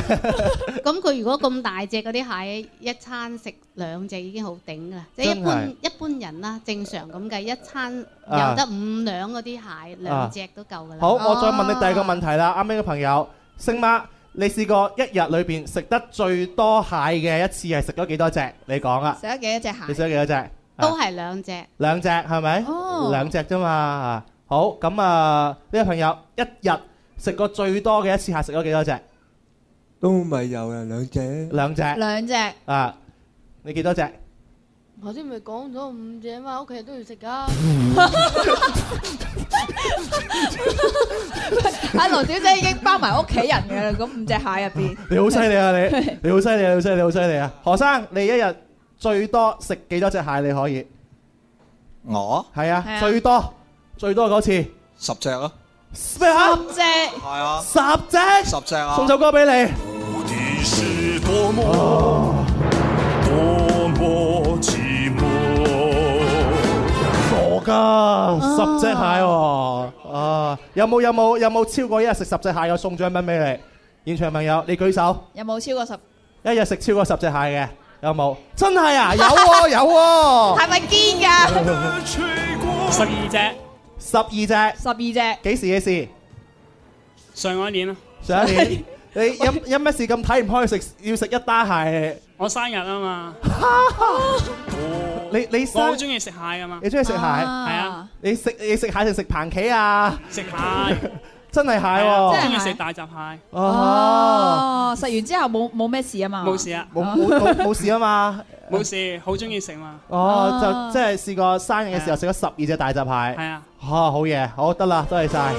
咁佢如果咁大隻嗰啲蟹，一餐食兩隻已經好頂㗎啦。即係一般一般人啦，正常咁計一餐有得五兩嗰啲蟹，兩隻都夠㗎啦。好，我再問你第二個問題啦。啱啱個朋友，姓馬，你試過一日裏邊食得最多蟹嘅一次係食咗幾多隻？你講啊。食咗幾多隻蟹？你食咗幾多隻？都係兩隻。兩隻係咪？哦，兩隻啫嘛。好咁啊！呢個朋友一日食過最多嘅一次蟹食咗幾多隻？都咪有啊，兩隻，兩隻，兩隻。啊，你幾多隻？頭先咪講咗五隻嘛，屋企人都要食噶。阿羅小姐已經包埋屋企人嘅啦，咁五隻蟹入邊。你好犀利啊你！你好犀利啊！好犀利好犀利啊！何生，你一日最多食幾多隻蟹你可以？我？係啊，最多最多嗰次十隻啊！咩十隻係啊！隻十隻十隻啊！送首歌俾你。無敵是多麼多麼寂寞。傻噶，十隻蟹哦！啊！啊，有冇有冇有冇超過一日食十隻蟹？我送獎品俾你。現場朋友，你舉手。有冇超過十隻蟹？一日食超過十隻蟹嘅有冇？真係啊！有喎有喎。係咪堅噶？十二隻。十二隻，十二隻，幾時嘅事？上一年啊，上一年。 你有有咩事咁睇唔開食？要食一打蟹？我生日啊嘛 啊生喜歡吃嘛。你你我好中意食蟹啊嘛。你中意食蟹？係啊，啊。你食你食蟹定食蟛蜞啊？食蟹， 真係蟹喎、啊。即係中意食大閘蟹。哦、啊，食、啊啊、完之後冇冇咩事啊嘛？冇事啊，冇冇冇事啊嘛。冇事，好中意食嘛？哦，啊、就即係試過生日嘅時候食咗十二隻大閘蟹。係啊，好嘢、哦，好得啦，多謝晒。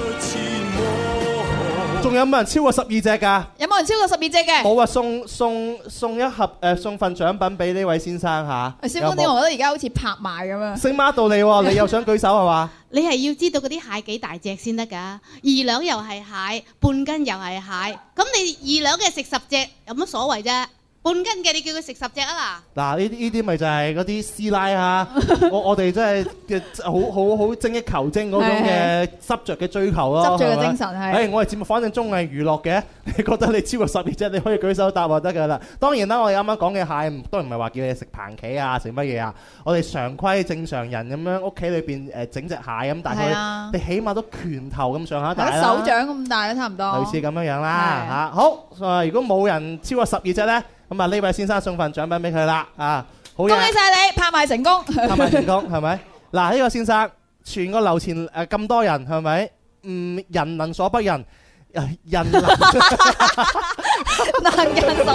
仲、哦、有冇人超過十二隻噶？有冇人超過十二隻嘅？我啊，送送送一盒誒、呃，送份獎品俾呢位先生吓。阿、啊、師傅，你我覺得而家好似拍賣咁啊！姓馬到你、哦，你又想舉手係嘛？ 你係要知道嗰啲蟹幾大隻先得噶。二兩又係蟹，半斤又係蟹，咁你二兩嘅食十隻有乜所謂啫？半斤嘅，你叫佢食十隻啊啦！嗱，呢啲呢啲咪就係嗰啲師奶吓，我我哋真係嘅好好好，好精益求精嗰種嘅執着嘅追求咯。執着嘅精神係、哎。我哋節目反正綜藝娛樂嘅，你覺得你超過十二隻，你可以舉手答就得噶啦。當然啦，我哋啱啱講嘅蟹，都唔係話叫你食蟛蜞啊，食乜嘢啊？我哋常規正常人咁樣屋企裏邊誒、呃、整隻蟹咁，但係你起碼都拳頭咁上下大啦，手掌咁大啦，大差唔多。類似咁樣樣啦吓、啊，好，如果冇人超過十二隻呢？咁啊呢位先生送份獎品俾佢啦，啊好！恭喜晒你拍賣成功，拍賣成功係咪？嗱 呢、啊，這個先生，全個樓前誒咁，呃、多人係咪？嗯，人能所不人，呃、人能所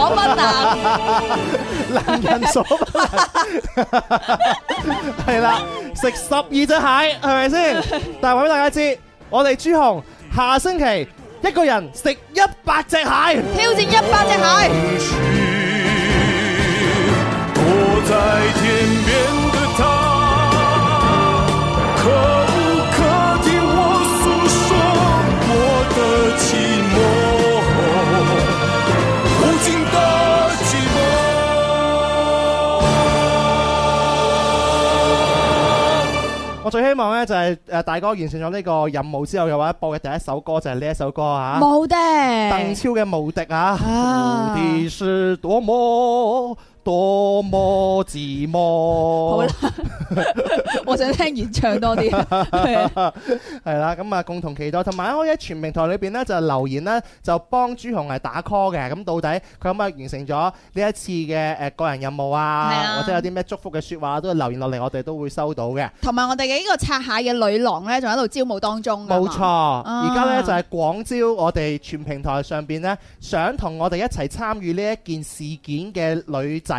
不 能能人所不能，係 啦，食十二隻蟹係咪先？但係話俾大家知，我哋朱紅下星期一個人食一百隻蟹，挑戰一百隻蟹。在天邊的他，可不可聽我訴說我的寂寞，無盡的寂寞。我最希望呢，就係誒大哥完成咗呢個任務之後嘅話，播嘅第一首歌就係呢一首歌啊，的鄧的無敵鄧超嘅《無敵》啊，無敵是多麼。多麼自摸，好啦， 我想聽原唱多啲，係 啊，係啦，咁啊共同期待，同埋我喺全平台裏邊咧就留言咧就幫朱紅係打 call 嘅。咁到底佢有冇完成咗呢一次嘅誒個人任務啊？啊或者有啲咩祝福嘅說話都留言落嚟，我哋都會收到嘅。同埋我哋嘅呢個拆下嘅女郎咧，仲喺度招募當中。冇錯，而家咧就係廣招我哋全平台上邊咧想同我哋一齊參與呢一件事件嘅女仔。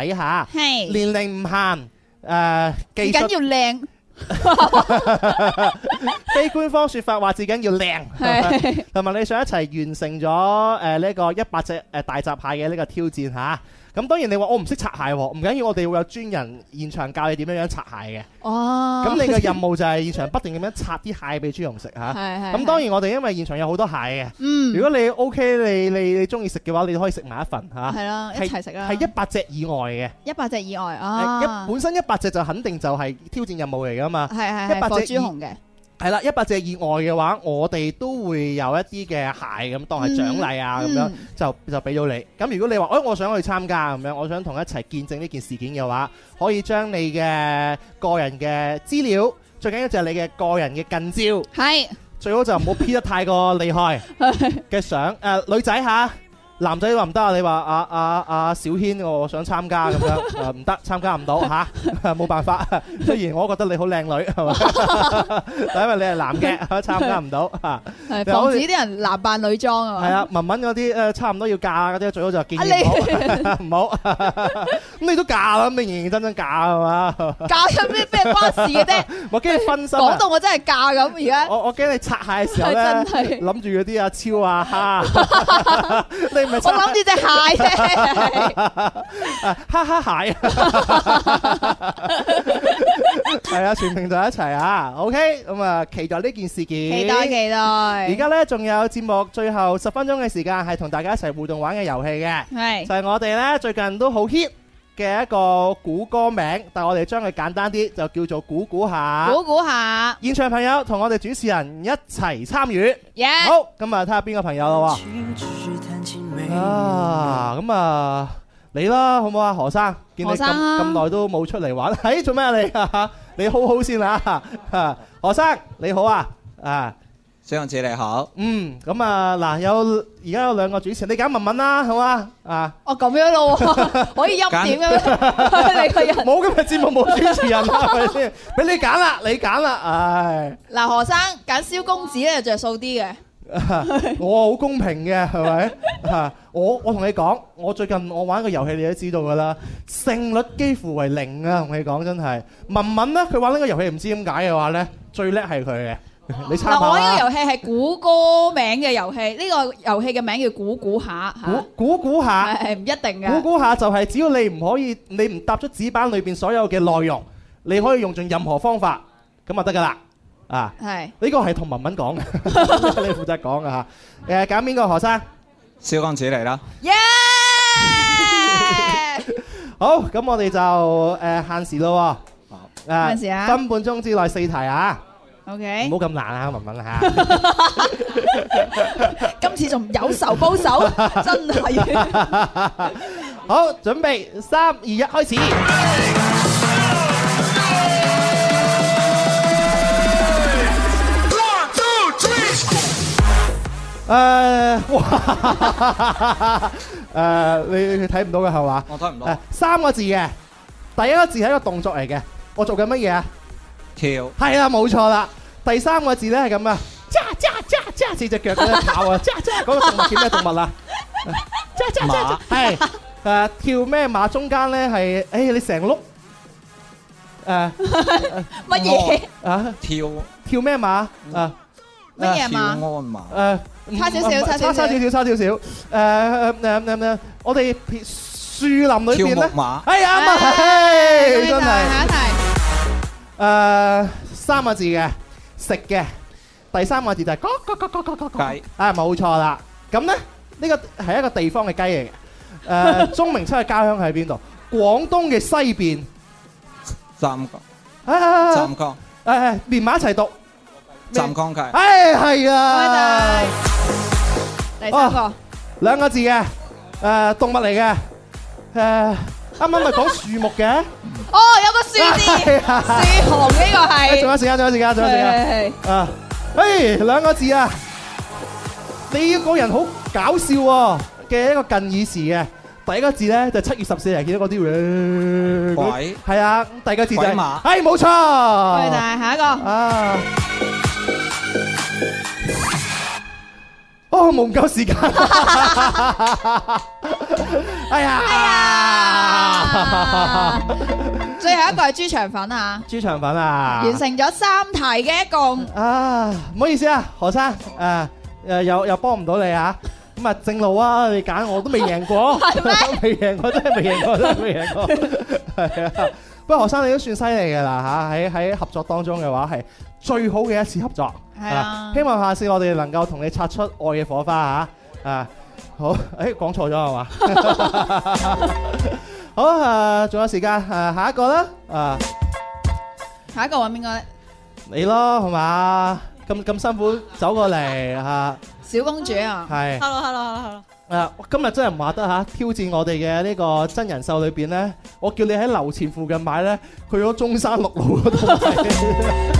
睇下，看看是年齡唔限，誒、呃，最緊要靚， 非官方說法話最緊要靚，係同埋你想一齊完成咗誒呢個一百隻誒大閘蟹嘅呢個挑戰吓。呃咁、嗯、當然你話我唔識拆蟹喎、啊，唔緊要，我哋會有專人現場教你點樣樣拆蟹嘅。哦，咁你嘅任務就係現場不斷咁樣拆啲蟹俾豬紅食吓。咁當然我哋因為現場有好多蟹嘅。嗯。如果你 OK，你你你中意食嘅話，你可以食埋一份係、啊、啦，一齊食啦。係一百隻以外嘅。一百隻以外，哦。一本身一百隻就肯定就係挑戰任務嚟㗎嘛。係一百隻豬紅嘅。係啦，一百隻以外嘅話，我哋都會有一啲嘅鞋，咁當係獎勵啊，咁、嗯、樣就就俾咗你。咁如果你話，哎，我想去參加咁樣，我想同一齊見證呢件事件嘅話，可以將你嘅個人嘅資料，最緊要就係你嘅個人嘅近照，係是最好就唔好 P 得太過厲害嘅相，誒 是、呃、女仔嚇。男仔話唔得啊！你話啊啊阿小軒，我想參加咁 樣，唔、啊、得，參加唔到嚇，冇、啊、辦法。雖然我都覺得你好靚女，係嘛？但因為你係男嘅，參加唔到嚇。防止啲人男扮女裝啊！係啊，文文嗰啲誒差唔多要嫁嗰啲，最好就見唔唔、啊、好咁、 啊，你 都嫁啦、啊，明嫁啊、 你認認真真嫁係嘛？嫁有咩咩關事嘅啫？我驚你分手。講到我真係嫁咁而家。我我驚你拆鞋嘅時候咧，真係諗住嗰啲阿超啊嚇。是是我諗住隻蟹啫，哈哈蟹， 係 啊，全屏就一齊啊，OK，咁啊，期待呢件事件，期待期待。而家咧仲有節目最後十分鐘嘅時間，係同大家一齊互動玩嘅遊戲嘅，係就係、是、我哋咧最近都好 hit 嘅一個估歌名，但係我哋將佢簡單啲，就叫做估估下，估估下。現場朋友同我哋主持人一齊參與，好，咁啊睇下邊個朋友咯。啊，咁啊，你啦，好唔好啊，何生？何生見你咁咁耐都冇出嚟玩，唉做咩啊你？吓，你好好先啦，吓何生你好啊，啊，張子你好，嗯，咁啊嗱，有而家有兩個主持人，你揀文文啦，好嘛？啊，哦咁樣咯，可以欽點嘅咩？你個人冇今日節目冇主持人啦，係咪先？俾你揀啦，你揀啦，唉，嗱何生揀蕭公子咧就着數啲嘅。我好公平嘅，係咪？我我同你講，我最近我玩個遊戲你都知道噶啦，勝率幾乎為零啊！同你講真係，文文呢佢玩呢個遊戲唔知點解嘅話呢，最叻係佢嘅，你參考下。嗱，我呢個遊戲係估歌名嘅遊戲，呢個遊戲嘅名叫估估下。估估估下，係唔一定嘅。估估下就係只要你唔可以，你唔答出紙板裏邊所有嘅內容，你可以用盡任何方法，咁就得噶啦。啊，係呢個係同文文講嘅，你負責講嘅吓。誒，揀邊個學生？小公子嚟啦。Yes！好，咁我哋就誒限時咯。好，限時啊，分半鐘之內四題啊。OK。唔好咁難啊，文文吓。今次仲有仇報仇，真係。好，準備三二一，開始。誒、uh,，誒、 uh,，你睇唔到嘅係嘛？我睇唔到。Uh, 三個字嘅，第一個字係一個動作嚟嘅，我做緊乜嘢啊？跳。係啊，冇錯啦。第三個字咧係咁啊，扎扎扎扎，四隻腳咁樣跑啊，扎 扎，嗰、那個動物叫咩動物啊？扎扎扎，係誒，跳咩馬？Uh, 馬中間咧係，誒、哎，你成碌誒乜嘢啊？跳跳咩馬啊？Uh, 乜嘢、呃啊哎、嘛？誒，差少少，差差少少，差少少。誒，我哋樹林裏邊咧，係啊，係真係。下一題。誒，三個字嘅食嘅，第三個字就係、是、雞。啊，冇錯啦。咁咧呢個係一個地方嘅雞嚟嘅。誒 鍾明春嘅家鄉喺邊度？廣東嘅西邊湛江。湛江。誒誒、啊，連埋一齊讀。暫降界，哎係啊，嚟第一個，兩個字嘅，誒動物嚟嘅，誒啱啱咪講樹木嘅，哦有個樹字，樹熊呢個係，仲有時間，仲有時間，仲有時間，啊，兩呃呃剛剛 哦、哎兩、這個啊啊啊啊啊、個字啊，你個人好搞笑嘅、啊、一個近義詞嘅，第一個字咧就七、是、月十四日見到嗰啲、呃、鬼，係、哎、啊，第二個字就，係冇錯，嚟、哎、下一個啊。哦，冇夠時間。哎呀，最後一個係豬腸粉啊，豬腸粉啊，完成咗三題嘅一共啊，唔好意思啊，何生誒誒，又又幫唔到你啊。咁啊，正路啊，你揀我都未贏過，未贏過，真係未贏過，真係未贏過。係啊，不過何生你都算犀利噶啦吓，喺喺合作當中嘅話係最好嘅一次合作。係、啊、希望下次我哋能夠同你擦出愛嘅火花啊！啊，好，誒、欸，講錯咗係嘛？好， 好啊，仲有時間啊，下一個啦，啊，下一個揾邊、啊、個咧？你咯，好嘛？咁咁辛苦 走過嚟來吓。 啊小公主啊，係 hello，hello hello hello，啊，今日真係唔話得嚇，挑戰我哋嘅呢個真人秀裏邊咧，我叫你喺樓前附近買咧，去咗中山六路嗰度，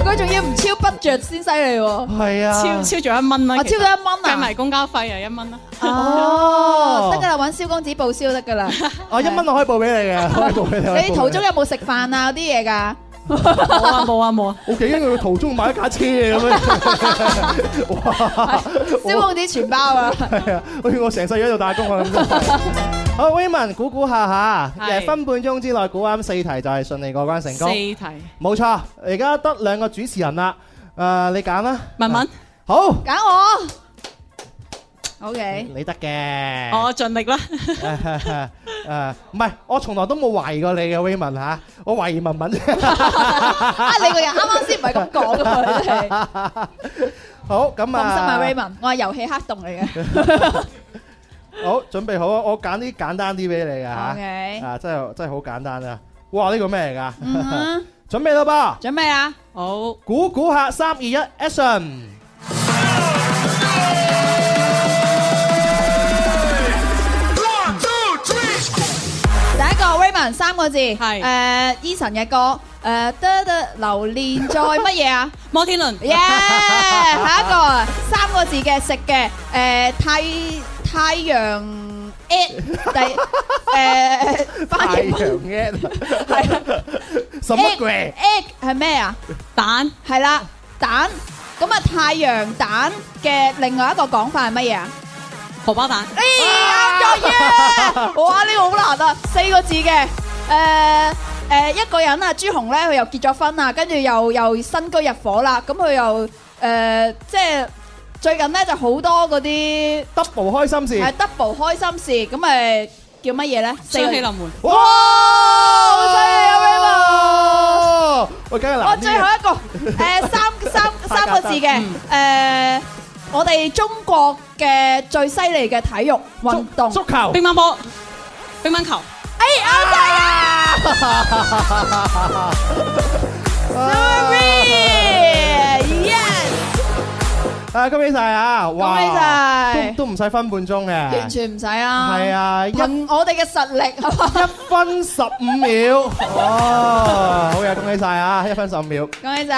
佢仲要唔超不着先犀利喎，係啊，超超咗一蚊、哦、啊！我超咗一蚊啊，計埋公交費啊一蚊啊，哦、 啊，得㗎啦，揾蕭公子報銷得㗎啦，啊 一蚊我可以報俾你嘅，可以報俾你，你途中有冇食飯啊嗰啲嘢㗎？ 冇 啊冇啊冇啊！我記喺佢途中買一架車咁樣， 哇！燒嗰啲全包啊！係啊，我我成世喺度打工啊！ 好，威文，估估下吓，誒，分半鐘之內估啱四題就係順利過關成功。四題，冇錯。而家得兩個主持人啦，誒、呃，你揀啦，文文、啊，好，揀我。O K，你得嘅，我盡力啦。誒，唔係，我從來都冇懷疑過你嘅 Raymond 吓，我懷疑文文啊，你個人啱啱先唔係咁講噶嘛，真係。好，咁啊。放心啊，Raymond，我係遊戲黑洞嚟嘅。好，準備好啊，我揀啲簡單啲俾你噶吓。O K，啊，真係真係好簡單啊。哇，呢個咩嚟噶？準備咯噃，準備啊。好，估估下，三二一，Action！三個字，係，誒，Eason 嘅歌，誒、呃，得得留戀在乜嘢啊？ 摩天輪，yeah，下一個三個字嘅，食嘅，誒、呃，太太陽 egg，第，誒、呃，太陽 egg，係乜鬼？egg 係咩啊？蛋係啦，蛋，咁啊太陽蛋嘅另外一個講法係乜嘢？荷包蛋，哎呀，作嘢。哇，呢個好難啊，四個字嘅，誒誒，一個人啊，朱紅咧，佢又結咗婚啦，跟住又又新居入伙啦，咁佢又誒，即係最近咧就好多嗰啲 double 開心事，係 double 開心事，咁咪叫乜嘢咧？雙喜臨門，哇，好犀利啊，呢個，我最後一個，誒，三三三個字嘅，誒。我哋中國嘅最犀利嘅體育運動，足球、乒乓波、乒乓球。哎，啱晒啊！Sorry，yes。啊，恭喜晒啊！恭喜晒，都都唔使分半鐘嘅，完全唔使啊。係啊，用我哋嘅實力，一分十五秒。哦，好嘢，恭喜晒啊！一分十五秒，恭喜晒。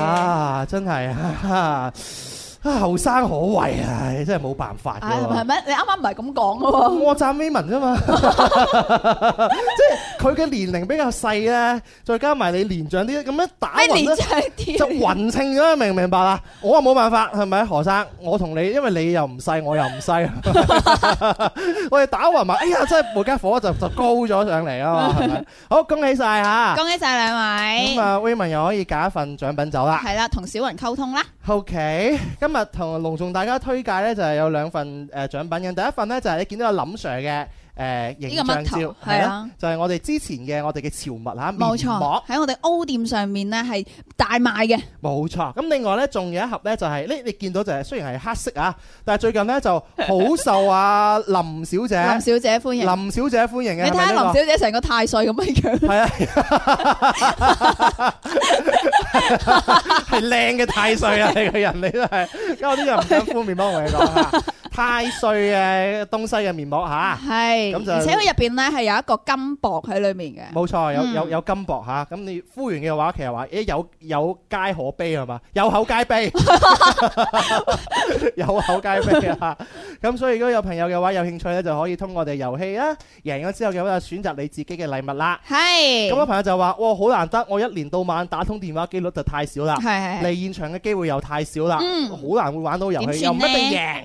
啊，真係啊！後生可畏啊！真係冇辦法㗎喎，係咪？你啱啱唔係咁講嘅喎。我讚 Weiman 啫嘛，即係佢嘅年齡比較細咧，再加埋你年長啲，咁樣打混咧，就勻稱咗，明唔明白啊？我啊冇辦法，係咪啊，何生？我同你，因為你又唔細，我又唔細，我哋打勻埋，哎呀，真係部間火就就高咗上嚟啊嘛，係咪？好，恭喜晒吓！恭喜晒兩位。咁啊，Weiman 又可以揀一份獎品走啦。係啦，同小雲溝通啦。OK，今今日同隆重大家推介咧，就係有兩份誒獎品嘅。第一份咧，就係你見到個林 Sir 嘅。誒、呃，形象照係啦，就係、是、我哋之前嘅我哋嘅潮物吓、啊、面膜，喺我哋 O 店上面咧係大賣嘅。冇錯，咁另外咧仲有一盒咧就係、是、呢，你見到就係、是、雖然係黑色啊，但係最近咧就好受啊林小姐、 林小姐歡迎、林小姐歡迎嘅。你睇下、這個、林小姐成個太歲咁樣樣，係啊，係靚嘅太歲啊！你個人你都係，而家有啲人唔想敷面膜，我哋講啊。太歲嘅東西嘅面膜吓，係、啊，而且佢入邊咧係有一個金箔喺裏面嘅，冇錯，有有有金箔吓，咁、啊、你敷完嘅話，其實話、欸，有有皆可悲係嘛，有口皆碑， 有口皆碑咁、 啊、所以如果有朋友嘅話有興趣咧，就可以通過我哋遊戲啊，贏咗之後嘅話選擇你自己嘅禮物啦，係，咁個朋友就話，哇，好難得，我一年到晚打通電話幾率就太少啦，係係係嚟現場嘅機會又太少啦，好、嗯、難會玩到遊戲，又唔一定贏。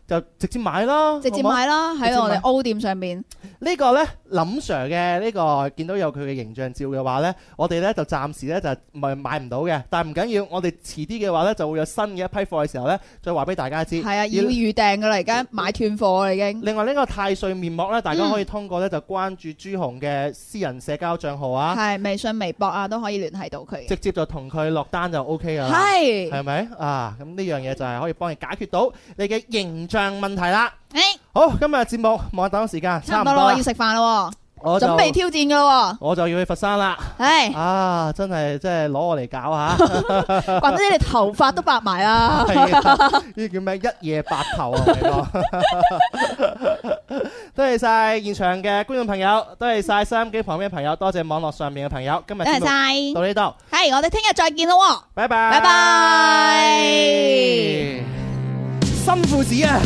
就直接買咯，直接買咯，喺我哋 O 店上面，呢個呢，林 Sir 嘅呢、呢個見到有佢嘅形象照嘅話呢，我哋呢就暫時呢就唔係買唔到嘅。但係唔緊要，我哋遲啲嘅話呢就會有新嘅一批貨嘅時候呢，再話俾大家知。係啊，要預訂噶啦，而家買斷貨啦已經。另外呢個太歲面膜呢，大家可以通過呢就關注朱紅嘅私人社交帳號啊，係、嗯、微信、微博啊都可以聯繫到佢，直接就同佢落單就 OK 啦。係，係咪啊？咁呢樣嘢就係可以幫你解決到你嘅形象。問題啦，好，今日節目望等時間差唔多啦，我要食飯啦，我準備挑戰噶，我就要去佛山啦，係啊，真係真係攞我嚟搞吓，或者你頭髮都白埋啊，呢啲叫咩一夜白頭啊，嚟講，多謝晒現場嘅觀眾朋友，多謝晒收音機旁邊嘅朋友，多謝網絡上面嘅朋友，今日多謝晒，到呢度，係我哋聽日再見咯，拜拜，拜拜。新褲子啊！